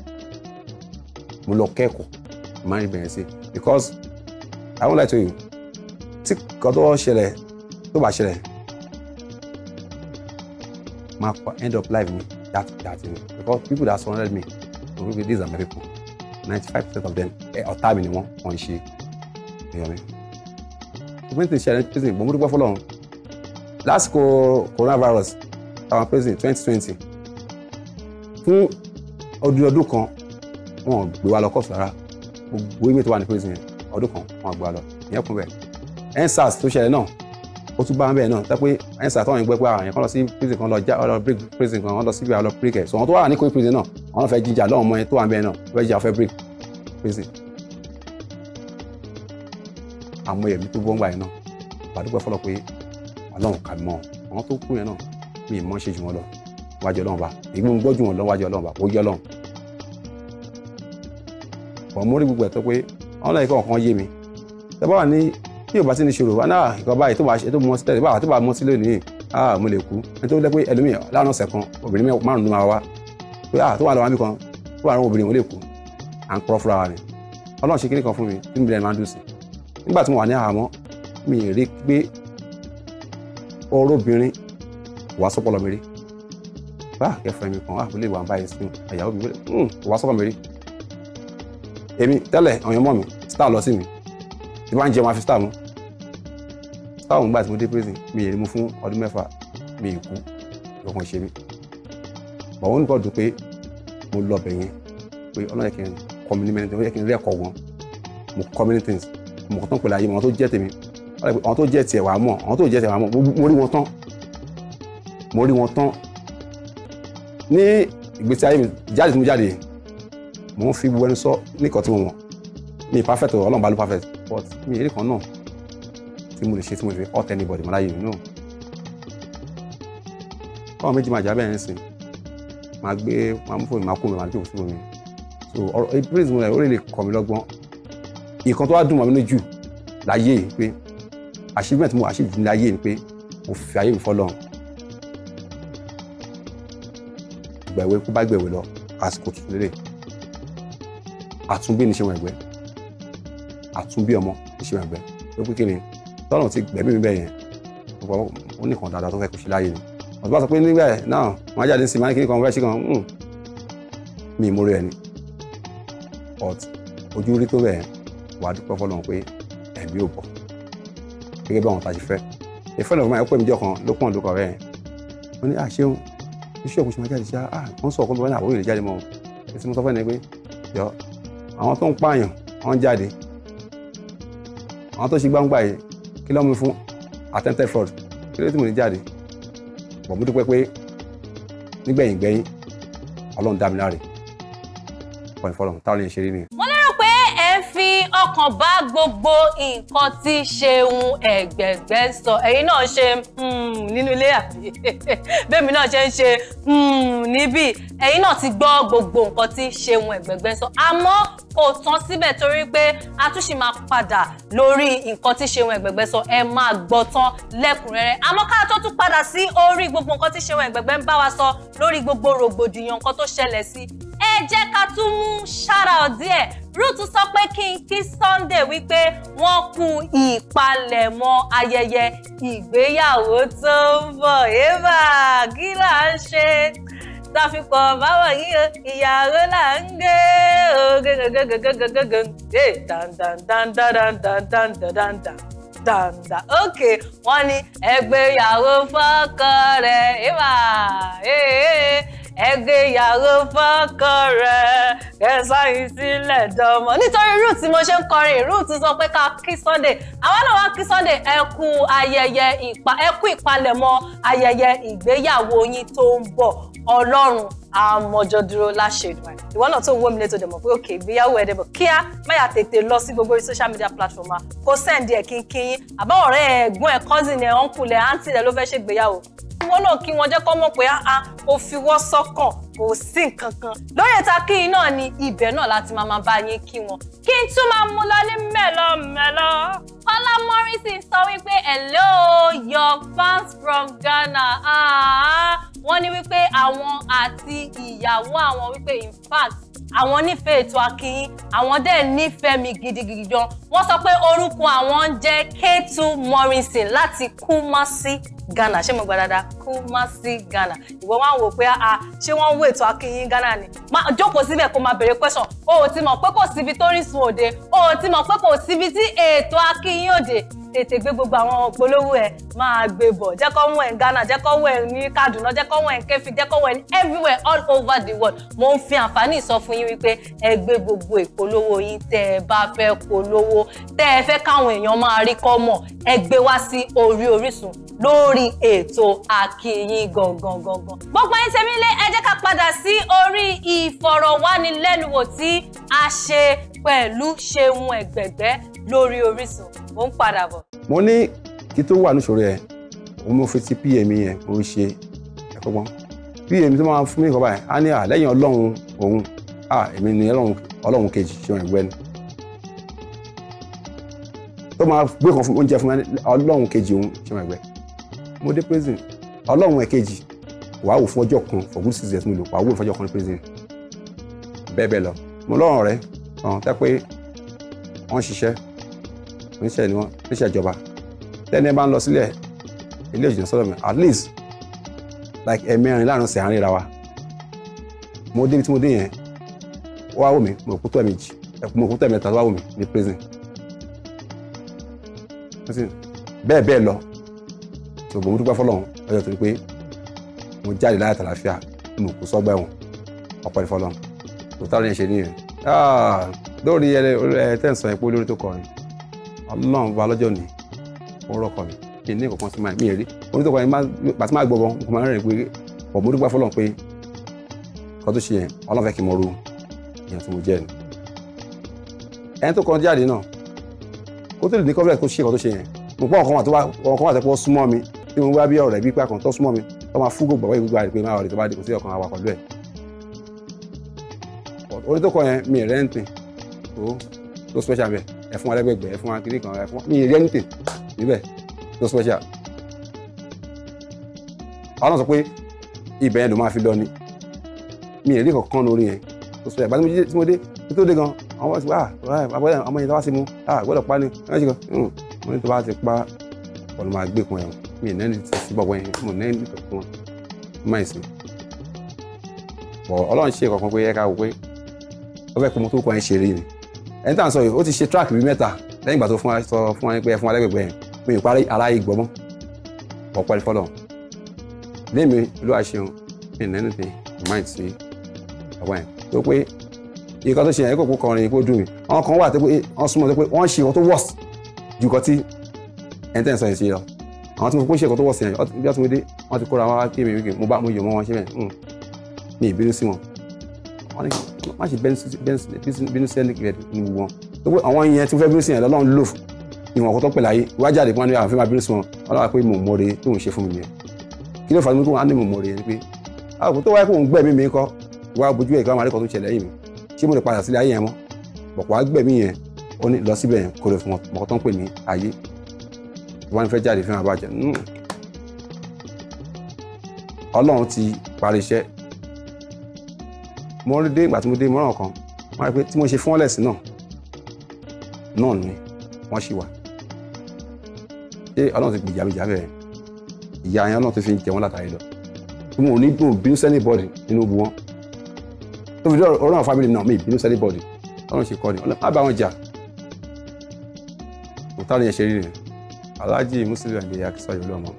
mo lọ kẹ́kọ̀ọ́ máa rí bẹ̀rẹ̀ sí because I won't like to you tí kọ́ tó ṣẹlẹ̀ tó bá ṣẹlẹ̀ ma end up life mi that that you know because people that surrounded me wọ́n wípé these are my people ninety five percent of them eh, ọ̀tá mi ni wọ́n wọ́n ń ṣe èèyàn mi. ìpínlẹ̀ tí ń ṣe ẹni prison ìgbòmú dúpẹ́ fọlọ́run lásìkò coronavirus our prison twenty twenty fún ọdún ọdún kan wọn ò gbé wa lọ kóòtù rárá gbogbo ìmì tó wà ní prison yẹn ọdún kan wọn ò gbé wa lọ ìyẹn kún bẹ́ẹ̀ endsars tó ṣẹlẹ̀ náà ó tún bá wọn bẹ́ẹ̀ náà tẹ́ ẹ̀ńsà táwọn yẹn gbẹ́ pé àwọn yẹn kọ́ lọ sí prison kan lọ já ọ lọ break prison kan wọ́n lọ síbi àwọn break ẹ̀ sọ wọn tó wà ní kó prison náà àwọn fẹ́ jíjà lọ́wọ́ ọmọ yẹn tó wà ń bẹ́ẹ̀ náà fẹ́ jíjà fẹ́ break prison. àwọn èmi tó gbọ́ngbà yẹn náà gbàdúgbò fọlọ́ pé ọlọ́run kà mọ́ àwọn tó kú yẹn náà mi mọ́ ṣe jù wọn lọ wájú ọlọ́run bá èmi mo gbọ́ jù wọn lọ wájú ọlọ́run bá kó yẹ ọlọ́run. bọ̀ mórí gbogbo ẹ̀ tó pé ọlọ́run yìí kọ̀ọ̀kan yé tí yóò bá sí ní ṣòro wọn náà ìkan ah, báyìí tó bá ṣe tó mọ sílẹ̀ báwa tó bá mọ sílẹ̀ nìyí ah mo lè kú ẹni tó lẹ́pẹ́ ẹlòmíì láàrín ọ̀sẹ̀ kan obìnrin márùn-ún máa wá pé ah tó wà lọ́wọ́ mi kan tó wà lọ́wọ́ obìnrin wọn lè kú à ń purọ́ fúnra wa ọlọ́run ṣe kíní kan fún mi tí mi bẹ̀rẹ̀ máa ń dùn sí nígbà tí mo wà ní àhámọ́ mi rí pé ọ̀rọ̀ obìnrin sọ́pọ̀lọ́ mi rí bá ah, àkẹ́fẹ́ mi kan àbúlé ah, wà báyìí sí àyàwó mi hmm, wàá sọ́pọ̀ mi rí èmi tẹ́lẹ̀ ọ̀yàn mi star lọ sí mi tí ń jẹun àfi star mu táwọn gbà tí mo dé prison mi yèrè mu fún ọdún mẹ́fà mi ì kú ọkàn ṣe mí bọ̀ wọ́n nígbà dùn pé mo lọ bẹ̀ yẹn pé ọlọ́run yẹ kí n kọ́ mi ní many things ó yẹ kí n rí ẹ̀kọ́ wọn mo kọ́ many things mo kọ́ tán pẹ̀lú ayé mi àwọn tó jẹ́ tèmi àwọn tó jẹ́ tiẹ̀ wàá mọ̀ àwọn tó jẹ́ tiẹ̀ wàá mọ̀ mo rí wọn tán mo rí wọn tán ní ìgbésí ayé mi jáde tí mo jáde mo ń fi gbogbo ẹni sọ ní ìkọ̀ tí mo mọ̀ mi perfect ọlọ́run bá ló perfect but mi èrè kan náà tí mo lè ṣe tí mo fi hurt anybody mọ́ láyé mi náà káwọn méjì máa jà bẹ́ẹ̀ ń sìn máa gbé máa mú fóònù máa kó mi máa jókòó sí mi so ọ̀rọ̀ eh, praise mo rẹ̀ ó lè lè kọ́ mi lọ́gbọ́n nǹkan tó wá dùn mọ́ mi ní jù láyé pé achievement mo achieve ní láyé ni pé mo fi ayé mi fọ́lọ́run gbẹ̀wé kó bá gbẹ̀wé lọ àsìkò tuntun lélẹ̀ àtúnbí ni ṣe wọn ẹ̀gbẹ́ àtúnbí ọmọ ni ṣe wọn ẹ̀gbẹ́ ó pé kí ni tọ́lọ̀ ti gbẹ̀mí mi bẹ́ẹ̀ yẹn ó nìkan dáadáa tó fẹ́ kó ṣe láyé ni ọ̀tún bá sọ pé nígbà náà wọ́n á jáde ní sinmi kíni kan fẹ́ ṣe kan hmm. mi ìmúre ẹni but ojú rí tó bẹ́ẹ̀ wà á dúpẹ́ fọlọ́run pé ẹ̀mí ò bọ̀ gẹ́gẹ́ bí àwọn tá a ṣe fẹ́ a friend of mine ó pè mí jọ kan ló pọ̀ lókọ̀ rẹ̀ wọ́n ní àṣeun ah, iṣẹ́ òkú ṣe máa jáde ṣá ah, wọ́n sọ ọkùnrin bọ́ọ̀ ní àwọn òyìnbó jáde mọ́ ẹ ti mú sọ fẹ́ ni tó ń pààyàn wọ́n jáde àwọn tó ṣe gbangba yìí kí ló fún attempted fraud kí ló tí mo ní jáde bọ̀ mo dúpẹ́ pé nígbẹ̀yìn gbẹ̀yìn ọlọ́run dá mi láre pọ̀ ìfọlọ́run táwọn lè ṣe rí nìyẹn ọkàn bá gbogbo nǹkan tí Ṣeun Ẹ̀gbẹ̀gbẹ́ sọ ẹ̀yin náà ṣe hmm, nínú ilé àbí bẹ́ẹ̀mi náà ṣe ń ṣe hmm, níbí ẹ̀yin náà ti gbọ́ gbogbo nǹkan tí Ṣeun Ẹ̀gbẹ̀gbẹ́ sọ àmọ́ kò tán síbẹ̀ torí pé a tún ṣì máa padà lórí nǹkan tí Ṣeun Ẹ̀gbẹ̀gbẹ́ sọ ẹ máa gbọ́ tán lẹ́kùnrẹ́rẹ́ àmọ́ ká tó tún padà sí orí gbogbo nǹkan tí Ṣeun Ẹ̀gbẹ̀gbẹ́ ń bá wa sọ lórí gbogbo rògbòdìyàn nǹkan tó ṣẹlẹ̀ sí ẹ jẹ́ ká tún mú ṣára díẹ̀ ruth sọ pé kí n kí sunday wípé wọ́n kú ìpalẹ̀mọ́ ayẹyẹ ìgbéyàwó tó ń bọ̀ eva kí là ń ṣe tàfikọ̀ báwọ̀ yíyọ ìyàwó là ń gbé ogegegegegegege hey ẹgbéyàwó fọ́kọ rẹ̀ kẹsàn-án sílẹ̀ dánmọ́. nítorí root mo ṣe ń kọrin root sọ pé ká kí sunday àwọn náà wá kí sunday ẹ kú ayẹyẹ ìpa ẹ kú ìpalẹ̀mọ́ ayẹyẹ ìgbéyàwó yín tó ń bọ̀ ọlọ́run àmọ́jọ́dúró láṣẹ̀dùn ẹ̀. ìwọ náà tó ń wó mi létò dẹ̀mọ̀ pé òkè ìgbéyàwó ẹ̀dẹ̀bọ̀ kíá máyà tètè lọ sí gbogbo social media platform wa kó sẹ́ǹdì ẹ̀ kínkín àbáwọ̀rẹ́ ẹ̀gbọ́n ẹ̀ cousin ẹ̀ uncle ẹ̀ aunty ẹ̀ ló fẹ́ ṣègbéyàwó wọn náà kí wọn jẹ́ kó mọ̀ pé áá ah, kò ah, fi wọ́n sọ́kàn kò sí nǹkan kan lóye ta kí iná ni ibẹ̀ náà láti máa máa bá yín kí wọn kí n tún máa mú lọ ní mẹ́lọ́mẹ́lọ́ ọlámọrin sì sọ wípé hello your fans from Ghana ah, ah, wọ́n ní wípé àwọn àti ìyàwó àwọn wípé in fact àwọn nífẹ̀ẹ́ ètò akínyìn àwọn dẹ̀ nífẹ̀ẹ́ mi gidigidi gan wọ́n sọ pé orúkọ àwọn ń jẹ́ K2 Morrison láti Kumasi Ghana ṣé mo gba dáadáa Kumasi Ghana ìwọ máa ń wò pé a ṣé wọ́n ń wo ètò akínyìn Ghana ni jókòó síbẹ̀ kó máa béèrè question o ò ti mọ̀ pé kò síbi tó rí sun òde o ò ti mọ̀ pé kò síbi tí ètò akínyìn òde tètè gbé gbogbo àwọn polówó ẹ máa gbé bọ̀ jẹ́ kó mú Ghana jẹ́ kó mú ẹ̀ ní Kaduna jẹ́ kó mú ẹ̀ ní Kẹ́fì jẹ́ kó everywhere all over the world mo ń fi àǹfààní ìsọfún yín wípé ẹ gbé gbogbo ìpolówó yín tẹ́ ẹ bá fẹ́ polówó tẹ́ ẹ fẹ́ káwọn èèyàn máa rí kọ́ mọ̀ ẹ gbé wá sí orí Orísun lórí ètò AkiiYin gangan gangan gbogbo ẹ̀yin tèmi lé ẹ jẹ́ ká padà sí orí ìfọ̀rọ̀wánilẹ́nuwò tí a ṣe pẹ̀lú Ṣeun Ẹ̀gbẹ̀gbẹ́ lórí Orísun mo ń padà bọ̀. mo ní kí tó wà níṣòro ẹ òun mo fi ti pm yẹn òun ṣe ẹ̀kọ́ gbọ́n pm tó máa fún mi kọ́ báyìí á ní àlẹ́yìn ọlọ́run òun à èmi ni ọlọ́run kejì ṣe wọn ìgbẹ́ni tó máa gbé kan fún oúnjẹ fún ọlọ́run kejì òun ṣe wọn ìgbẹ́ mo dé prison ọlọ́run ẹ̀kejì wàá wò fún ọjọ́ kan for good six years mi lò wàá wò fún ọjọ́ kan ní prison bẹ́ẹ̀ bẹ́ẹ̀ lọ mo lọ́rùn rẹ̀ ọ̀hún tẹ́ pé wọ́n ṣiṣẹ́ oníṣẹ́ ni wọ́n oníṣẹ́ ìjọba tẹ́ni ẹ bá ń lọ sílẹ̀ ilé ìjìnà sọ́dọ̀ mi at least like ẹ̀mẹrin láàrin ọ̀sẹ̀ àárín ra wa mo débi tí mo dé yẹn wá wò mí mo kú tó ẹ̀mejì mo kú tó ẹ̀mẹta tó wá wò mí ní prison bẹ́ẹ̀ bẹ́ẹ̀ lọ ṣùgbọ́n mo dúpẹ́ fọlọ́run ọjọ́ torí pé mo jáde láyà tàlàfíà mo kú sọ́gbà ẹ̀wọ̀n ọ̀pọ̀ ìfọlọ́run tó táwọn yẹn ṣe nìyẹn ah, lórí ẹ̀ tẹ̀sán ẹ̀pọ̀ lórí tó kọrin ọlọ́run bá lọ́jọ́ ni ó rọ́kọ mi kí n ní nǹkan kan sí máa mi rí onítọ̀kọ yẹn pàtí máa gbọ́ bọ́ nǹkan máa rẹ̀ pé ọ̀bùn dúpẹ́ fọlọ́n pé kọ́ tó ṣe yẹn ọlọ́run fẹ́ kí n mọ ru ìyẹn tó mo jẹ́ ni. ẹni tó kàn jáde náà kó tó lè ní confidence kó ṣe kọ́ tó ṣe yẹn mo pọ́ ọ̀kan wà tó wà ọ̀kan wà tó pọ́ súnmọ́ mi tí mo bá bí ọ̀rẹ́ bí pàkan tó súnmọ́ mi tó máa fún gbogbo àwọn ẹ fún wa lẹ́gbẹ̀gbẹ̀ ẹ fún wa kiri kan ẹ fún wa mi ìrírí anything níbẹ̀ no special. àwọn náà sọ pé ibẹ̀ yẹn ló máa fi lọ ni mi ìrírí kankan lórí yẹn no special bá tí mo dé tí tó dé gan àwọn wá sí wa àbọ̀dá ọmọ yẹn tó wá sí mu gbọ́dọ̀ pa ni ẹ ṣe kan hmm. mo ní tó bá ti pa ọ̀nà máa gbé kun ẹ̀ mi ì nẹ́ni ti sí bọ̀bọ̀ yẹn mo nẹ́ni tó kún wọn má ì sí. bọ̀ ọlọ́run ṣe kankan pé ẹ ká wò pé ó fẹ́ kó mo kọ́ ẹ ṣe rí ni ẹni tá à ń sọ yìí ó ti ṣe track bíi mẹ́ta lẹ́yìn ìgbà tó fún wa sọ fún wa pé ẹ fún wa lẹ́gbẹ̀gbẹ̀ yẹn mi ì parí aláyé gbọ́mọ́ ọ̀pọ̀ ẹ̀fọ́ lọ. lémi olúwa ṣeun in anything in mind sí ọ̀pọ̀ yẹn tó pé ikọ̀ tó ṣe yẹn kò kó kọrin kó dùn mí àwọn kan wà tó pé wọ́n súnmọ́ tó pé wọ́n ṣe ìwọ́n tó wọ́s ju nǹkan tí ẹni tẹ́ ń sọ yẹn ṣe lọ àwọn tí mo kó ṣe ìkọ́ tó wọ̀ sí yẹn bí wọ́n ti mo dé wọ́n ti kóra wá kí mi wíkì mo bá mo yọ̀ mọ́ wọn ṣe bẹ́ẹ̀ hmm. mi ìbínú sí wọn má ṣe bínú sí ẹnìkejì wọn gbogbo àwọn yẹn tí wọ́n fẹ́ bínú sí yẹn lọ́lọ́run lò fún ìwọ̀n ọ̀kọ́ tó pẹ̀lú ayé iwájú àdìpọ̀ wọn ni àwọn fẹ́ máa bínú sí wọn ọlọ́wà pé mò ń mọ̀re tó ń ṣe fún mi nìyẹn kí ló fà mí kó wọn á ní mò ń mọ̀re yẹn pé àwọn ah, tó wáyé kó ń gbẹ̀mí mi kọ́ wá bójú ẹ̀ kí wọ́n máa rí kan tó ń ṣẹlẹ̀ yìí mi ṣé mo lè padà sílé ayé yẹn mọ́ bọ̀pọ̀ á gbẹ̀mí yẹn ó ní lọ síbẹ̀ yẹn kó mo rí dé ìgbà tí mo dé ìmọ̀ràn kan wọ́n rí pé tí mo ṣe fún wọn lẹ́sìn náà náà ni wọ́n ṣì wà ṣé ọlọ́run ti gbìyà mi jà bẹ́ẹ̀ ìyá yẹn ọlọ́run ti fi ń jẹ wọn látàrí lọ tí mo ní mo bínú sẹ́ni bọ́ọ̀dì nínú ogun wọn tó fi dé ọ̀rọ̀ àwọn fámìlì náà mi bínú sẹ́ni bọ́ọ̀dì ọlọ́run ṣe kọ́ ni ọlọ́run má bá wọn jà òtá ni yẹn ṣe rí rẹ̀ aláàjì mùsùlùmí àgbè akísọ yìí lọ́mọ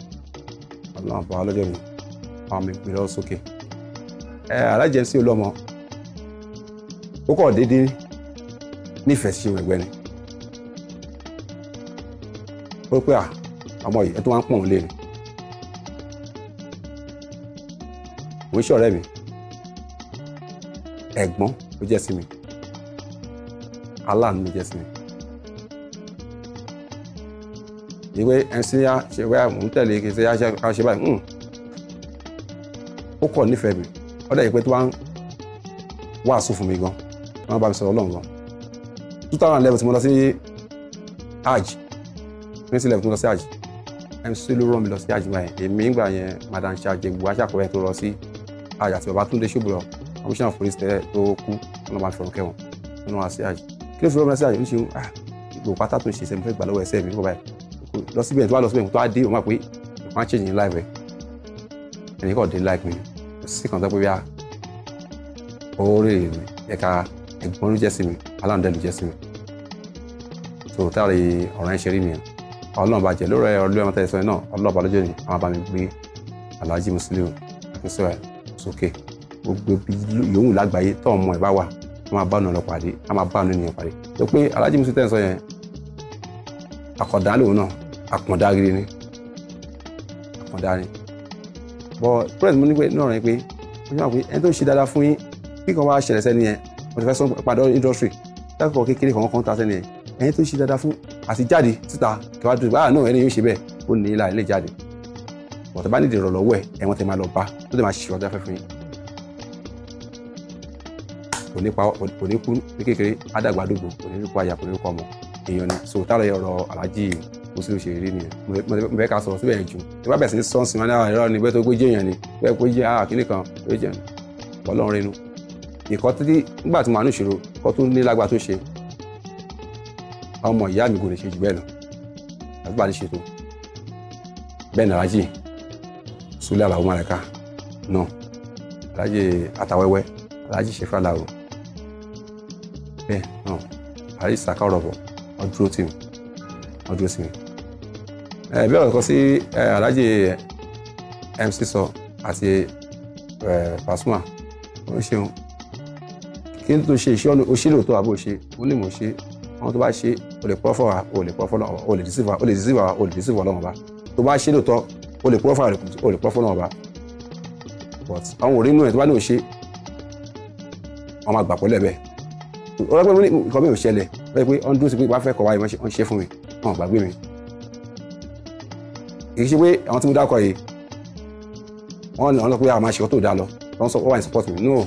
ọlọ́run bá ọlọ́jọ́ mi àwọn mi gbé lọ sókè ẹ aláàjì mc olúọmọ ó kàn déédéé nífẹ̀ẹ́ sí wẹ̀wẹ̀ ni ó pé à ọmọ yìí ẹ tó wá ń pọ̀n lé ni òun ṣe ọ̀rẹ́ mi ẹ̀gbọ́n ló jẹ́ sí mi aláàánú ló jẹ́ sí mi ìwé ẹ̀sìn yá ṣe wẹ́ mò ń tẹ̀lé kí ṣe yá ṣe báyìí hmm. ó kọ̀ nífẹ̀ẹ́ mi ọ̀dọ̀ yìí pé tó wá ń wàásù fún mi gan-an wọ́n bá mi sọ̀rọ̀ lọ́wọ́ gan two thousand eleven tí mo lọ sí hajj twenty eleven tí mo lọ sí hajj mc ló mi lọ sí hajj báyìí èmi ń yẹn madam ṣàjẹ gbogbo aṣàkọyẹ tó lọ sí hajj àti bàbá túnde ṣòbùrọ commissioner of police tẹ tó kú wọn máa fọrọ kẹwọn wọn lọ sí hajj kí ló fi rán mi lọ sí hajj oníṣẹ́ ah gbogbo pátá tó ń ṣe sẹ́mi fẹ́ gbà lọ́wọ́ ẹsẹ̀ mi bọ́bá yìí lọ síbẹ̀ tó bá lọ síbẹ̀ tó á dé òun àpé wọn á change in life ẹ̀ ẹnì kan dé like mi sí kan tó pé bí ah ẹ̀gbọ́n ló jẹ́ sí mi aláwọn dẹ́ ló jẹ́ sí mi o táàrí ọ̀rọ̀ yẹn ṣe rí o ọlọ́run bá jẹ́ lórí ọlọ́run ẹ̀mọ́tẹ́ ìsọ yẹn náà ọlọ́run bá lójú ni àwọn bá mi gbé Alhaji Musiliu Yusuf sókè gbogbo yòówù lágbàáyé tó ọmọ ẹ̀ bá wà a máa bá ọ̀nà lọ pàdé a máa bá ọ̀nà ènìyàn pàdé tó pé Alhaji Musiliu tẹ̀sán yẹn àkọ̀dá lòun náà àkàndá gidi ni àkàndá ni but president mo ní pé náà rẹ pé mo ní wà pé ẹni tó ń ṣe dáadáa fún yín kíkan wá ṣẹlẹ̀ sẹ́ni yẹn manufacturing pardon industry lákòókò kékeré kọ̀ọ̀kan kan ta sẹ́ni ẹ̀ ẹ̀yin tó ṣe dáadáa fún àti jáde síta kẹwàá dùn báà ah, náà ẹni yóò ṣe bẹ́ẹ̀ ó ní ilà ilé jáde bọ̀tà bá nídìí ìrànlọ́wọ́ ẹ̀ ẹ̀wọ̀n tẹ̀ máa lọ bá tó tẹ̀ máa ṣe ọjà fẹ́ fún yín. kò ní kú ní kékeré ádàgbà àdúgbò kò ní kú àyà kò ní kú ọmọ èèyàn ni so táwọn ọ̀rọ̀ aláàjì oṣù ṣe rí nìyẹn mo fẹ́ ká sọ̀rọ̀ síbẹ̀ jù tí wọ́n bẹ̀rẹ̀ sí sọ́ọ̀sì wọn ní àwọn ah, ẹ̀rọ ni bẹ́ẹ̀ tó gbé jẹ́yàn ni bẹ́ẹ̀ kó jẹ́ àkíní ah, kan ló jẹ́ ọlọ́run inú nǹkan tí nígbà tí mo wà ní ìṣòro nǹkan tó ní lágbára tó ṣe ọmọ ìyá mi kò lè ṣe jù bẹ́ẹ̀ lọ àti bàtí ṣètò bẹ́ẹ̀ náà alájì sulé aláwo máraka náà alájì atawẹ́wẹ́ alájì ṣẹfàlàwò bẹ́ẹ̀ náà alájì sàkà ọ̀rọ̀bọ̀ ọdúró tì mí ọdúró tì mí ẹ bẹ́ẹ̀ ọ̀kan sí alájì MC sọ àti Pasuma ó ń ṣeun kí n tó ṣe iṣẹ́ ọ̀nà òṣèlú tó àbò ṣe ó lè mọ̀ ṣe àwọn tó bá ṣe ó lè pọ́ fọ́ra ó lè pọ́ fọ́ra ó lè dísìfà ó lè dísìfà ó lè dísìfà ọlọ́run ọba tó bá ṣe lóòótọ́ ó lè pọ́ fọ́ra ó lè pọ́ fọ́ra ọba but àwọn òrí inú ẹ̀ tó bá ní òṣè wọn máa gbà pẹ́lẹ́ bẹ́ẹ̀ ọ̀rọ̀ pé nǹkan mi ò ṣẹlẹ̀ lọ́yẹ pé ọ̀n dúró sí pé wàá fẹ́ kọ̀ wáyé wọ́n ṣe fún mi wọn gbàgbé mi kì í ṣe pé àwọn tí mo dákọ̀ yìí wọ́n lọ pé àwọn máa ṣe ọ́ tó dáa lọ wọ́n sọ wọ́n wà ní support mi no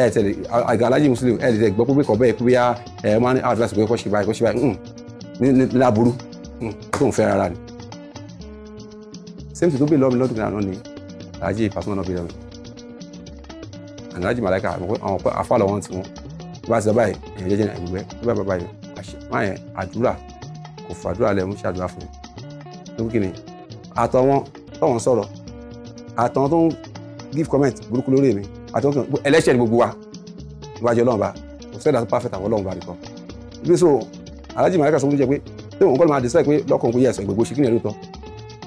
ẹ tẹ̀lé àgbà alájì mùsùlùmí ẹ tẹ̀lé gbọ́ pé kọ̀ bẹ́ẹ̀ pé bóyá ẹ máa ní àdúrà sọ̀rọ̀ kọ́ ṣe báyìí kọ́ ṣe báyìí mm, ní láburú mm, tó ń fẹ́ rárá ni. sẹ́mi tó bí lọ́mi lọ́dún náà ni alájì Pasuma náà bí lọ́mi alájì màláìka àwọn afọ àlọ́ wọn ti wọn bá ti sábà ẹ̀yìn jẹ́jẹ́ ẹ̀yìnwẹ́ tó bá bàbá yẹn máyẹn àdúrà kò fàdúrà lẹ̀ mú ṣàdúrà fún un lókè ni àtọ̀wọn tọ̀wọ̀n sọ̀rọ̀ àtọ̀wọn tó ń give comment burúkú lórí mi àti wọn kì í ẹlẹ́ṣẹ̀ ni gbogbo wa níwájú ọlọ́run ba kò sẹ́dá tó pàfẹ́tà wọ́n ọlọ́run ba nìkan ibi so alájì màláìka sọ fún mi jẹ pé tí òun kọ́ ló máa decide pé lọ́kàn kò yẹ ẹ̀sán ìgbègbè ṣìkìnì lóòótọ́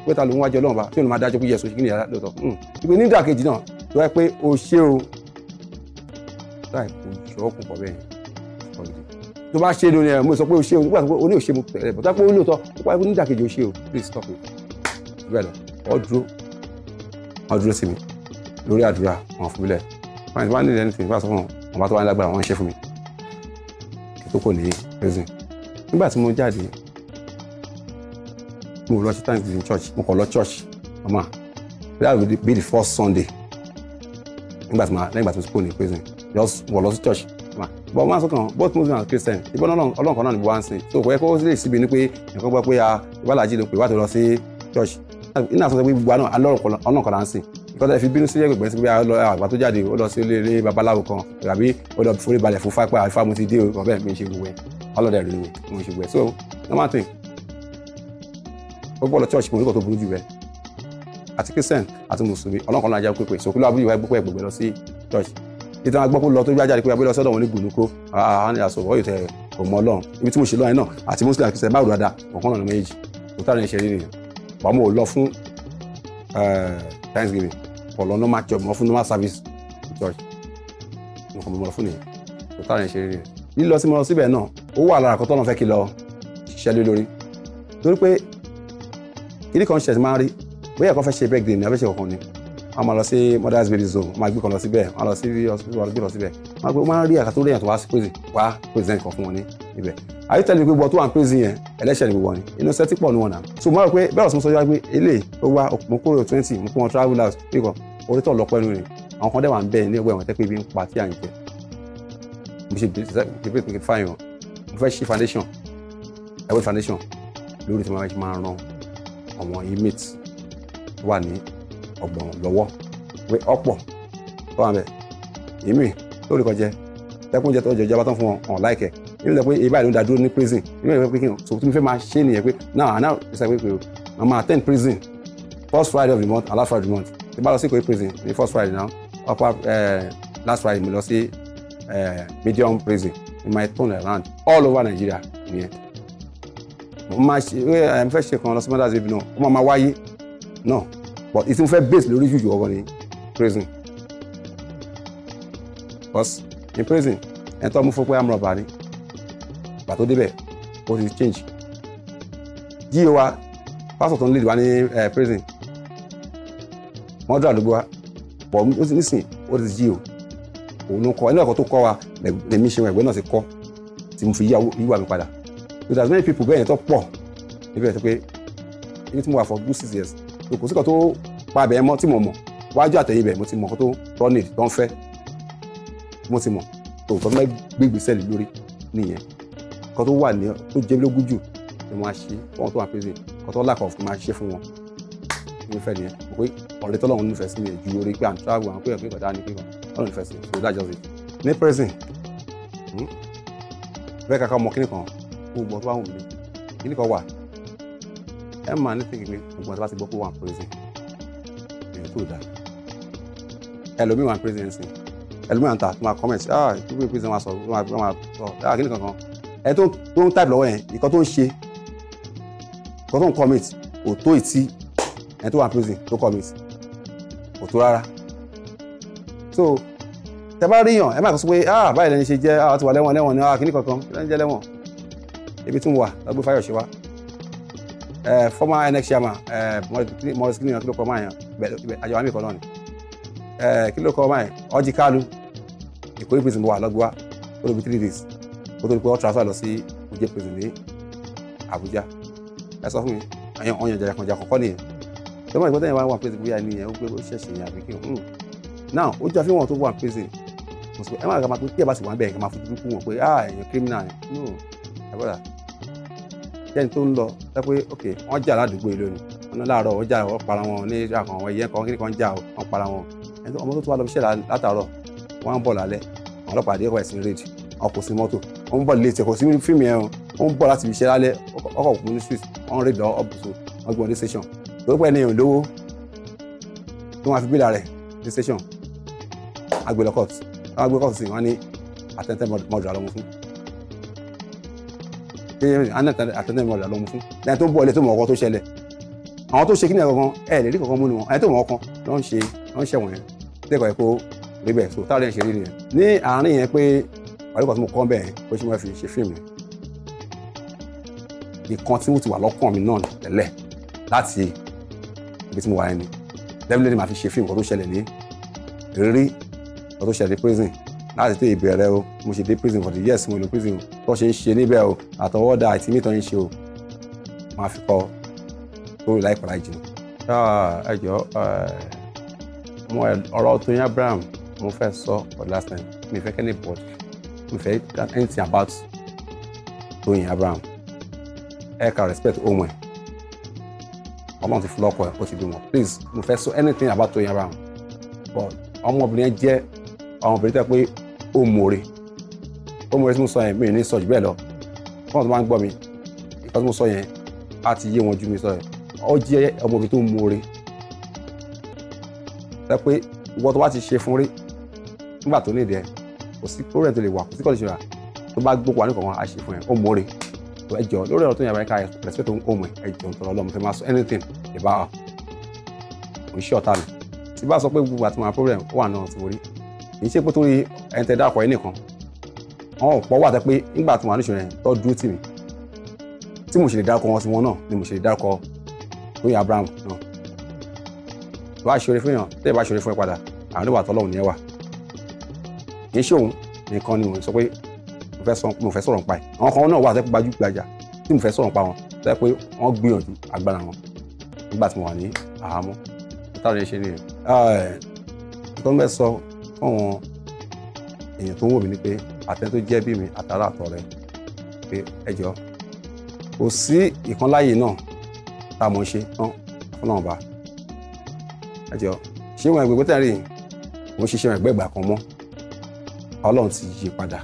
pé ta ló ń wájú ọlọ́run ba tí òun máa dájọ́ pé yẹ ẹ̀sán ṣìkìnì lóòótọ́ hmm. ìpè ní ìdàkejì náà tó wáyé pé o ṣé o láì kò ṣọ́ọ̀kùn pọ̀ bẹ́ẹ̀ tó bá ṣe lónìí ẹ mo sọ pé o ṣe o nígbà tó o ní o ṣe mo tẹ̀lé bọ̀tá pé o lóòótọ́ ó wáyé pé nídàkejì o ṣe o please stop it bẹ́ẹ̀ lọ ọ dúró ọ dúró sí mi lórí àdúrà wọn fún mi lẹ́ẹ̀ wọn àti wọn nílẹ̀ nítorí wọn sọ fún wọn bá tó wà ní lágbára wọn ṣe fún mi kí tó kò ní prison nígbà tí mo jáde mo lọ sí thanksgiving church mo kàn lọ church ọmọ that would be the first sunday nígbà tí mo lẹ́yìn ìgbà tí mo ti kò ní prison just wọ̀ lọ sí church ma but wọn sọkàn both muslim and christian ìbọn ọlọ́run kan náà ni bí wọ́n á sìn so kò yẹ kó lè síbi ní pé nǹkan gbọ́ pé ah, ìbálàjì ló pè wá tó lọ sí church iná sọ pé gbogbo àná ọlọ́run náà ń sìn tọ́lá fi bínú sílẹ̀ pẹ̀lú pé àgbà tó jáde ó lọ sí ilé ilé babaláwo kan tàbí ó lọ forí balẹ̀ fún fápá àfífà mo ti dé ọ̀rọ̀ bẹ́ẹ̀ mi ṣe wù ẹ́ ọlọ́dẹ rẹ̀ wù mo ṣe wù ẹ́ so normal thing ó gbọ́dọ̀ church mo nígbà tó burú jù bẹ́ẹ̀ àti christian àti mùsùlùmí ọlọ́kan náà jẹ́ pípé sòkúlù abúlé wa gbogbo ẹ̀gbẹ̀gbẹ̀ lọ sí church ìtàn agbọ́ kó lọ tó gbájáde pé abúlé ọsọ́dọ̀ wọn ní gbùnúkó àhánì àsọ̀rọ̀ ọ̀yọ̀ tẹ ọmọ ọlọ́run ibi tí mo ṣe lọ́yìn náà àti mùsùlùmí àti christian báwo dáadáa ọ̀kan náà ní méjì òtún àrùn ìṣẹ̀lẹ̀ nìyẹn wàá mọ̀ ọ́ lọ fún eh, Thanksgiving ọ̀pọ̀lọ normal church mọ́ fún normal service church nǹkan mọ́ fún nìyẹn tó tààrin ṣe rere lílọ sí mọ́ síbẹ̀ náà ó wà lára àkọ́tọ́ náà fẹ́ kí lọ ṣiṣẹ́ lé lórí torí pé kiri kan ṣẹ̀ṣẹ̀ máa rí bóyá ẹ̀kọ́ fẹ́ ṣe bẹ́ẹ̀ gbé ní abẹ́ṣẹ̀ kọ̀ọ̀kan ni wọ́n máa lọ sí mother's baby zone wọ́n máa gbé kan lọ síbẹ̀ wọ́n máa lọ sí hospital gbé lọ síbẹ̀ wọn pe wọn máa ń rí àkàtó lẹ́yìn tó wá sí prison wá president kan fún wọn ní ibẹ̀ àyè tẹ̀lé gbogbo tó wà ní prison yẹn ẹlẹ́ṣẹ̀ ni gbogbo wọn ni inú iṣẹ́ tí pọ̀ ní wọn nà so mo rò pé bẹ́ẹ̀ ọ̀sán sọ́jọ́ pé eléyìí ó wá mo kúrò twenty mo kó wọn travel out pípọ̀ orí tọ̀ lọ́pọ̀ ẹnu rẹ̀ àwọn kan dẹ̀ wà ń bẹ̀ ní ọgbà ẹ̀wọ̀n tẹ́ pé ibi ń pa tí à ń jẹ mo ṣe debate make fine o mo fẹ́ ṣe foundation ẹ̀wọ̀ foundation lórí tí mo máa ran àwọn inmate wà ní ọgbọ̀n lọ́wọ́ pé ọ̀pọ̀ tó wà bẹ̀ èmi lórí kọjẹ tẹkùn jẹ tọjọ ìjọba tán fún wọn ọ̀n láìkẹ ìlú lẹ pé ibà ìlú ń da dúró ní prison ìlú lẹ pé kí n so tí mo fẹ́ máa ṣe nìyẹn pé now àná ìṣe pé pé o màmá attend prison first friday of the month and last friday of the month tí bá lọ sí ìkòyí prison ní first friday now ọ̀pá eh, last friday mo lọ sí eh, medium prison in my town around all over nigeria nìyẹn mo máa ṣe ẹ eh, fẹ́ ṣe kan lọ sí mother's baby náà ó máa máa wáyé náà but ìtí mo fẹ́ base lórí jùjù ọ̀gọ́ ni prison because in prison ẹ̀ tọ́ mú fún pé amúrọ̀bà ni gbà tó débẹ̀ ó ti change yíyọ wa pásítọ̀ tó ń lead wa ní prison mọ́dúrà ló gbé wa pọ̀ nísìn ó ti yí o òun ló kọ́ ẹni ọ̀kọ́ tó kọ́ wa lèmi ṣe wọn ẹ̀gbẹ́ náà ti kọ́ tí mo fi yíwà mi padà with as many people bẹ́ẹ̀ yẹn tó pọ̀ níbẹ̀ tó pé ibi tí mo wà for good six years kò sí kan tó pa abẹ́ mọ́ tí mo mọ̀ wájú àtẹ̀yìn bẹ̀ mo ti mọ̀ kó tó tọ́ nìdí tó ń fẹ́ mo ti mọ̀ tó nǹkan tó máa gbé ìgbésẹ̀ lé lórí nìyẹn nǹkan tó wà ní tó jẹ́ lógún jù ni wọ́n á ṣe fún wọn tó wà pèsè nǹkan tó lákọ̀ọ́ fún máa ṣe fún wọn nífẹ̀ nìyẹn pé ọ̀rẹ́ tọ́lọ́run nífẹ̀ẹ́ sí nìyẹn ju orí pé à ń travel àwọn pé ọ̀pẹ́ ìkọ̀dá ni pé ọ̀rẹ́ nífẹ̀ẹ́ sí so that's just it ní prison hmm, bẹ́ẹ̀ kàkà ọmọ kíní kan gbogbo ọdún àwọn òbí kíní kan wà ẹ máa ní tèkì pé gbogbo ọdún bá ti gbọ́ pé wọ́n à ń prison èyí tó dáa ẹlòmíì wà ń prison ẹ̀sìn ẹlòmíràn ta tó máa comment ah tó bí prison máa sọ tó máa tó máa sọ ah kí ni kankan ẹni tó tó ń type lọ́wọ́ yẹn ìkan tó ń ṣe ìkan tó ń commit kò tó ìtí ẹni tó wà prison tó commit kò tó rárá so tẹ bá ríyàn ẹ má kó sọ pé ah báyìí lẹni ṣe jẹ ah ti wà lẹ́wọ̀n lẹ́wọ̀n ni ah kí ni kankan kí lẹni jẹ lẹ́wọ̀n ebi tún wà lọ́gbẹ́ Fáyọ̀ṣe wa eh, former NX chairman eh, Morris kí ni kí ló kọ́ máa yàn àjọ àmì kan náà ni eh, kí ló kọ́ máa yàn ọjì kálù ìkórè prison mo wà lọ́gbọ́á ó lóbi three days kó tó di pé wọ́n transfer lọ sí kuje prison ní Àbújá ẹ sọ fún mi àyàn ọ̀yàn jàjàkànjà kọ̀ọ̀kọ́ nìyẹn tó mọ̀ ìgbọ́tẹ̀yìn wá wà prison bóyá nìyẹn ó pé ó ṣẹ̀ṣẹ̀ yẹn àbí kí n hmm. now ó jọ fíwọ̀n tó wà prison mùsùlùmí ẹ máa ga máa pé tí ẹ bá sì wà bẹ́ẹ̀ ẹ máa fojú kú wọn pé ah èèyàn criminal ni hmm. no ẹ bọ́dà jẹ́ni tó ń lọ sọ pé ok wọ́n jà ládùúgbò yìí lónìí wọ́n ní láàárọ̀ wọ́n jà wọ́n para wọn ní ìṣàkàn wọn ìyẹn kan kí para wọn ẹni wọ́n á bọ̀ lálẹ́ àwọn ọlọ́pàá àdéhùn ẹ̀sìn raid àwọn kò sí mọ́tò wọ́n ń bọ̀ létí kò sí fíìmù ẹ̀hún wọ́n ń bọ̀ láti ibi iṣẹ́ lálẹ́ ọkọ̀ òkun ní street wọ́n raid lọ́wọ́ ọ̀bùsọ wọ́n gbọ́n dé station lórí pẹ́ ní èèyàn lówó tí wọ́n á fi bílà rẹ̀ dé station agbèlọ́ court wọ́n agbèlọ́ court sì wọ́n ní àtẹ̀ntẹ̀ mọ̀dùrà lọ́mọ fún àtẹ̀ntẹ̀ mọ̀dùrà lọ́mọ fún lẹ́yìn tó ń bọ̀ ilé tó mọ̀ ọkọ̀ tó ṣẹlẹ̀ àwọn tó ṣe kí ni ẹ̀kọ̀kan ẹ̀ lè rí kankan mú ni wọn ẹ̀ tó mọ̀ ọkàn lọ́n ṣe lọ́n ṣẹ̀wọ̀n yẹn tẹ́kọ̀ọ́ ẹ̀kọ́ débẹ̀ so táwọn ẹ̀ ṣe rí nìyẹn ní àárín yẹn pé àríkọ̀ tí mo kọ́ bẹ́ẹ̀ pé ṣé mo fi ṣe fíìmù nìkan tí mo ti wà lọ́kàn mi náà tẹ́lẹ̀ láti ibi tí mo wà yẹn ni definitely ni màá fi ṣe fíìmù kan tó ṣẹlẹ̀ ní rírí kan tó ṣẹlẹ̀ ní prison láti tó ìbẹ̀rẹ̀ o mo ṣe dé prison for the years mo lò prison tó ṣe ń ṣe níbẹ̀ o àtọwọ́dá àti mí ń ṣe o máa fi kọ lórí láìpẹ́ láì jìnnà. Ah, ẹ jọ eh, ọ̀rọ̀ tó yẹn Abraham mo fẹ́ sọ for last time mi fẹ́ kẹ́ni but mi fẹ́ anything about Tóyìn Abraham ẹ kà respect ohun ẹ ọlọ́run ti fún lọ́kọ ẹ ó ti bímọ please mo fẹ́ sọ anything about Tóyìn Abraham but ọmọbìnrin yẹn jẹ́ ọmọbìnrin tẹ́ pé ó mòore ó mòore tí mo sọ yẹn mi ò ní sọ jù bẹ́ẹ̀ lọ fọ́nà tó máa ń gbọ́ mi ìkọ́ tí mo sọ yẹn á ti yé wọn ju mi sọ yẹn ó jẹ́ ọmọbìnrin tó mòore tẹ́ pé ìwọ tó bá ti ṣe fún rí nígbà tó ní ìdẹ kò sí problem tó lè wà kò sí condition tó bá gbókò wà ní kankan a ṣe fún ẹ ó mọ̀ọ́re tó ẹjọ́ lórí ọ̀rọ̀ tó yàn Amẹ́ríkà respect ohun ọmọ ẹ ẹjọ́ ń tọrọ ọlọ́mọ fẹ́ máa sọ anything ìbá ọ kò ń ṣe ọ̀tá mi tí bá sọ pé gbogbo àti màá problem ó wà náà ti wọlé kì í ṣe pé tó rí ẹni tẹ dákọ̀ ẹ nìkan àwọn ọ̀pọ̀ wà tẹ pé nígbà tí màá níṣòro yẹn tó dúró tì mí tí mo ṣe lè dárúkọ wọn sí wọn náà ni mo ṣe lè dárúkọ lóyún Abraham náà bá ṣòro fún yàn tẹ́lẹ̀ bá ṣòro fún ẹ padà àwọn ìwà tọ́lọ́hùn ni ẹ wà kì í ṣe òun nìkan ni mo sọ pé mo fẹ́ sọ̀rọ̀ nípa ẹ̀ àwọn kan náà wà sẹ́pẹ́ gbajúgbajà tí mo fẹ́ sọ̀rọ̀ nípa wọn sẹ́pẹ́ pé wọ́n gbìyànjú agbára wọn nígbà tí mo wà ní àhámọ́ táwọn ẹ̀ ṣe nìyẹn. tó ń bẹ́ sọ fáwọn èèyàn tó ń wò mí ni pé àtẹ tó jẹ́ bí mi àtàrà àtọ̀ rẹ pé ẹ jọ kò sí ìkànláyè náà tá a mọ̀ ṣe tán fúnlọ́ọ̀ba ẹ jọ ṣé wọn ẹgbẹ́ gbẹ́tẹ̀rì mo ṣiṣẹ́ ẹgbẹ́ ìgbà kan mọ́ ọlọ́run ti yí padà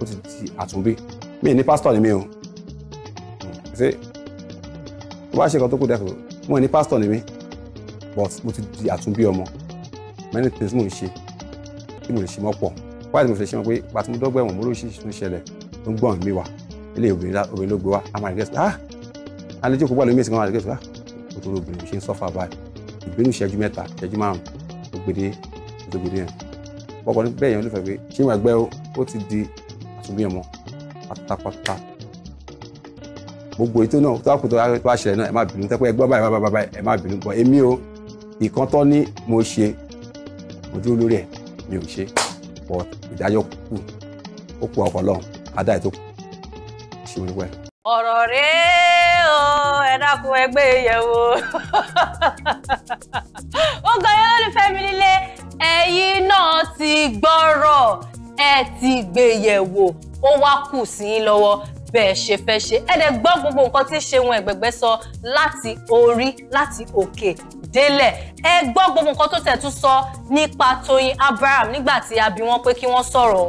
ó ti di àtúnbí mi ní pásítọ̀ ni mi o ṣé tó bá ṣe kan tó kù dẹ́kun mo ní pásítọ̀ ni mi but mo ti di àtúnbí ọmọ many things mo ń ṣe tí mo lè ṣe mọ́ pọ̀ wáyé tí mo fi ṣe mọ́ pé pàtó mo dọ́gbọ́ ẹ̀wọ̀n mo lóṣìṣì tó ń ṣẹlẹ̀ tó ń gbọ́n mi wá ilé obìnrin ló gbé wá a máa rẹ̀ gẹ́sì ah alẹ́ jókòó pẹ̀lú mi ìsìnkú máa rẹ̀ gẹ́sì ah o tó lóbìnrin ṣe ń sọ́fà báyìí ìbínú ìṣẹ́jú mẹ́ta ìṣẹ́jú márùn-ún tó gbede tó gbede yẹn pọpọ ní bẹ́ẹ̀ yẹn olùfẹ́ pé ṣé ìwà ẹgbẹ́ ó ti di àtúnbí ọmọ pátápátá gbogbo ètò náà tó àkùtọ̀ wá ṣẹlẹ̀ náà ẹ má bínú tẹ́pẹ́ ẹgbẹ́ báyìí báyìí báyìí ẹ má bínú bọ̀ èmi o ìkan tọ́ ní mo ṣe mo dúró lórí ẹ̀ mi ò ṣe pọ̀ ìdájọ́ kù ó kù ọkọ̀ lọ́hùn adá ètò ṣe wọlé wẹ̀. ọ̀rọ̀ rèé o ẹ dákun ẹgbẹ́ e yẹ̀wò ó gan yẹn lólùfẹ́ mi nílé ẹ̀yin náà ti gbọ́rọ̀ ẹ ti gbéyẹ̀wò ó wá kù sí yín lọ́wọ́ bẹ́ẹ̀ ṣe fẹ́ ṣe ẹ dẹ̀ gbọ́ gbogbo nǹkan tí Ṣeun Ẹ̀gbẹ̀gbẹ́ sọ láti orí láti òkè délẹ̀ ẹ gbọ́ gbogbo nǹkan tó tẹ̀ tún sọ nípa Tóyin Abraham nígbà tí a bi wọ́n pé kí wọ́n sọ̀rọ̀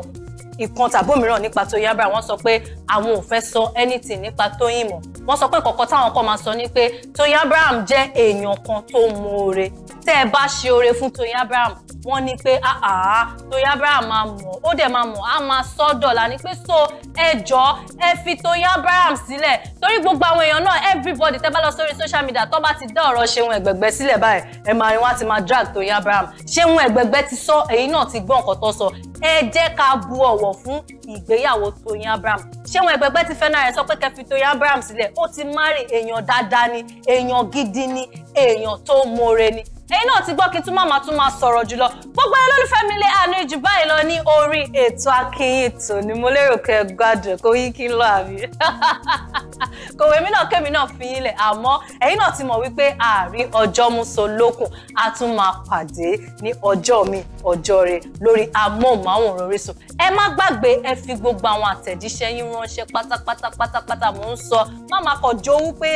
ìkan tàbómìíràn nípa Tóyìn Abraham wọ́n sọ pé àwọn ò fẹ́ sọ anything nípa Tóyìn mọ́ wọ́n sọ pé kọ̀kọ́ táwọn kan máa sọ ni pé Tóyìn Abraham jẹ́ èèyàn kan tó mọ oore tẹ́ ẹ bá ṣe oore fún Tóyìn Abraham wọ́n ní pé àá ah, ah, ah, Tóyìn Abraham máa mọ̀ ó dẹ̀ máa mọ̀ á máa sọ dọ̀là ni pé so ẹ jọ ẹ fi Tóyìn Abraham sílẹ̀ torí gbogbo àwọn èèyàn náà everybody tẹ́ bá lọ sórí social media tó bá ti dá ọ̀rọ̀ Ṣeun Ẹ̀gbẹ̀gbẹ́ sílẹ̀ báyìí ẹ máa rin wá ti máa drag Tóyìn Abraham Ṣeun Ẹ̀gbẹ̀gbẹ́ ti sọ èyí náà ti gbọ́ nǹkan tó sọ ẹ jẹ́ ká bu ọ̀wọ̀ bọ̀wọ̀ fún ìgbéyàwó Tóyìn Abraham ṣé wọn ẹgbẹgbẹ ti fẹ́ náà yẹn sọ pé kẹfì Tóyìn Abraham sílẹ̀ ó ti márì èèyàn dáadáa ni èèyàn gidi ni èèyàn tó mọre ni èyí náà ti gbọ́ kí tún máa tún máa sọ̀rọ̀ jùlọ gbogbo ẹ lólùfẹ́ mi lé àánú ìjù báyìí lọ ní orí ètò Àkíìyín tòní mo lérò kẹ gbádùn kò yí kí n lọ àmì kòwé mi náà kémi náà fi yín lẹ̀ àmọ́ èyí náà ti mọ̀ wípé àárín ọjọ́ múso lókun a tún máa pàdé ní ọjọ́ mi ọjọ́ rẹ lórí amóhùnmáwòrán Orísun ẹ má gbàgbé ẹ fi gbogbo àwọn àtẹ̀jíṣẹ́ yín ránṣẹ́ pátápátá pátápátá mò ń sọ má má kọ̀ jowú pé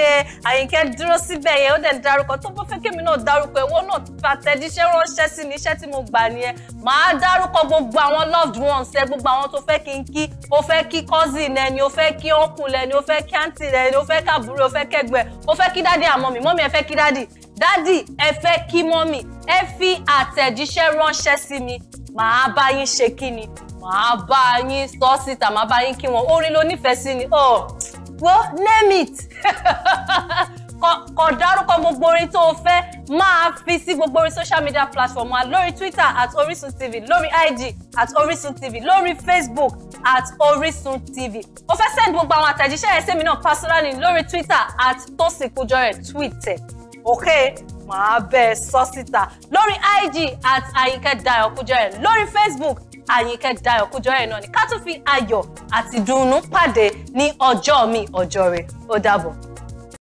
Àyìnkẹ́ dúró síbẹ̀ yẹn ó dẹ̀ dárúkọ tó bá fẹ́ kémi náà dárúkọ ẹ̀wọ́ náà tàtẹ̀jíṣẹ́ ránṣẹ́ sí mi iṣẹ́ tí mo gbà nìyẹn màá dárúkọ gbogbo àwọn loved ones ẹ gbogbo àwọn tó fẹ́ kí n kí o fẹ́ kí cousin ẹni o fẹ́ kí uncle ẹni o fẹ́ kí aunty ẹni o fẹ́ kábúrò o fẹ́ kẹgbẹ́ o fẹ́ kí dádì àmọ́ mi mọ́mi ẹ fẹ́ kí dádì dádì ẹ fẹ́ kí mọ́mi ẹ fi àtẹ̀jíṣẹ́ ránṣẹ́ sí mi màá bá yín ṣe kí ni màá bá yín sọ síta màá bá yín kí wọn orin ló nífẹ̀ẹ́ sí ni oh well, name it kọ dárúkọ gbogbo orin tó o fẹ́ máa fi sí gbogbo orí social media platform wa lórí Twitter at Orisun TV lórí IG at Orisun TV lórí Facebook at Orisun TV o fẹ́ send gbogbo àwọn àtẹ̀jíṣẹ́ yẹn sẹ́mi náà personally lórí Twitter at Tosin Kujore tweet ok màá bẹ́ẹ̀ sọ síta lórí IG at Ayinke Dayo Kujore lórí Facebook Àyìnkẹ́ Dayọ̀ Kújọrẹ́ náà ni ká tún fi ayọ̀ àti dùnnú pàdé ní ọjọ́ mi ọjọ́ rẹ̀ ó dàbọ̀.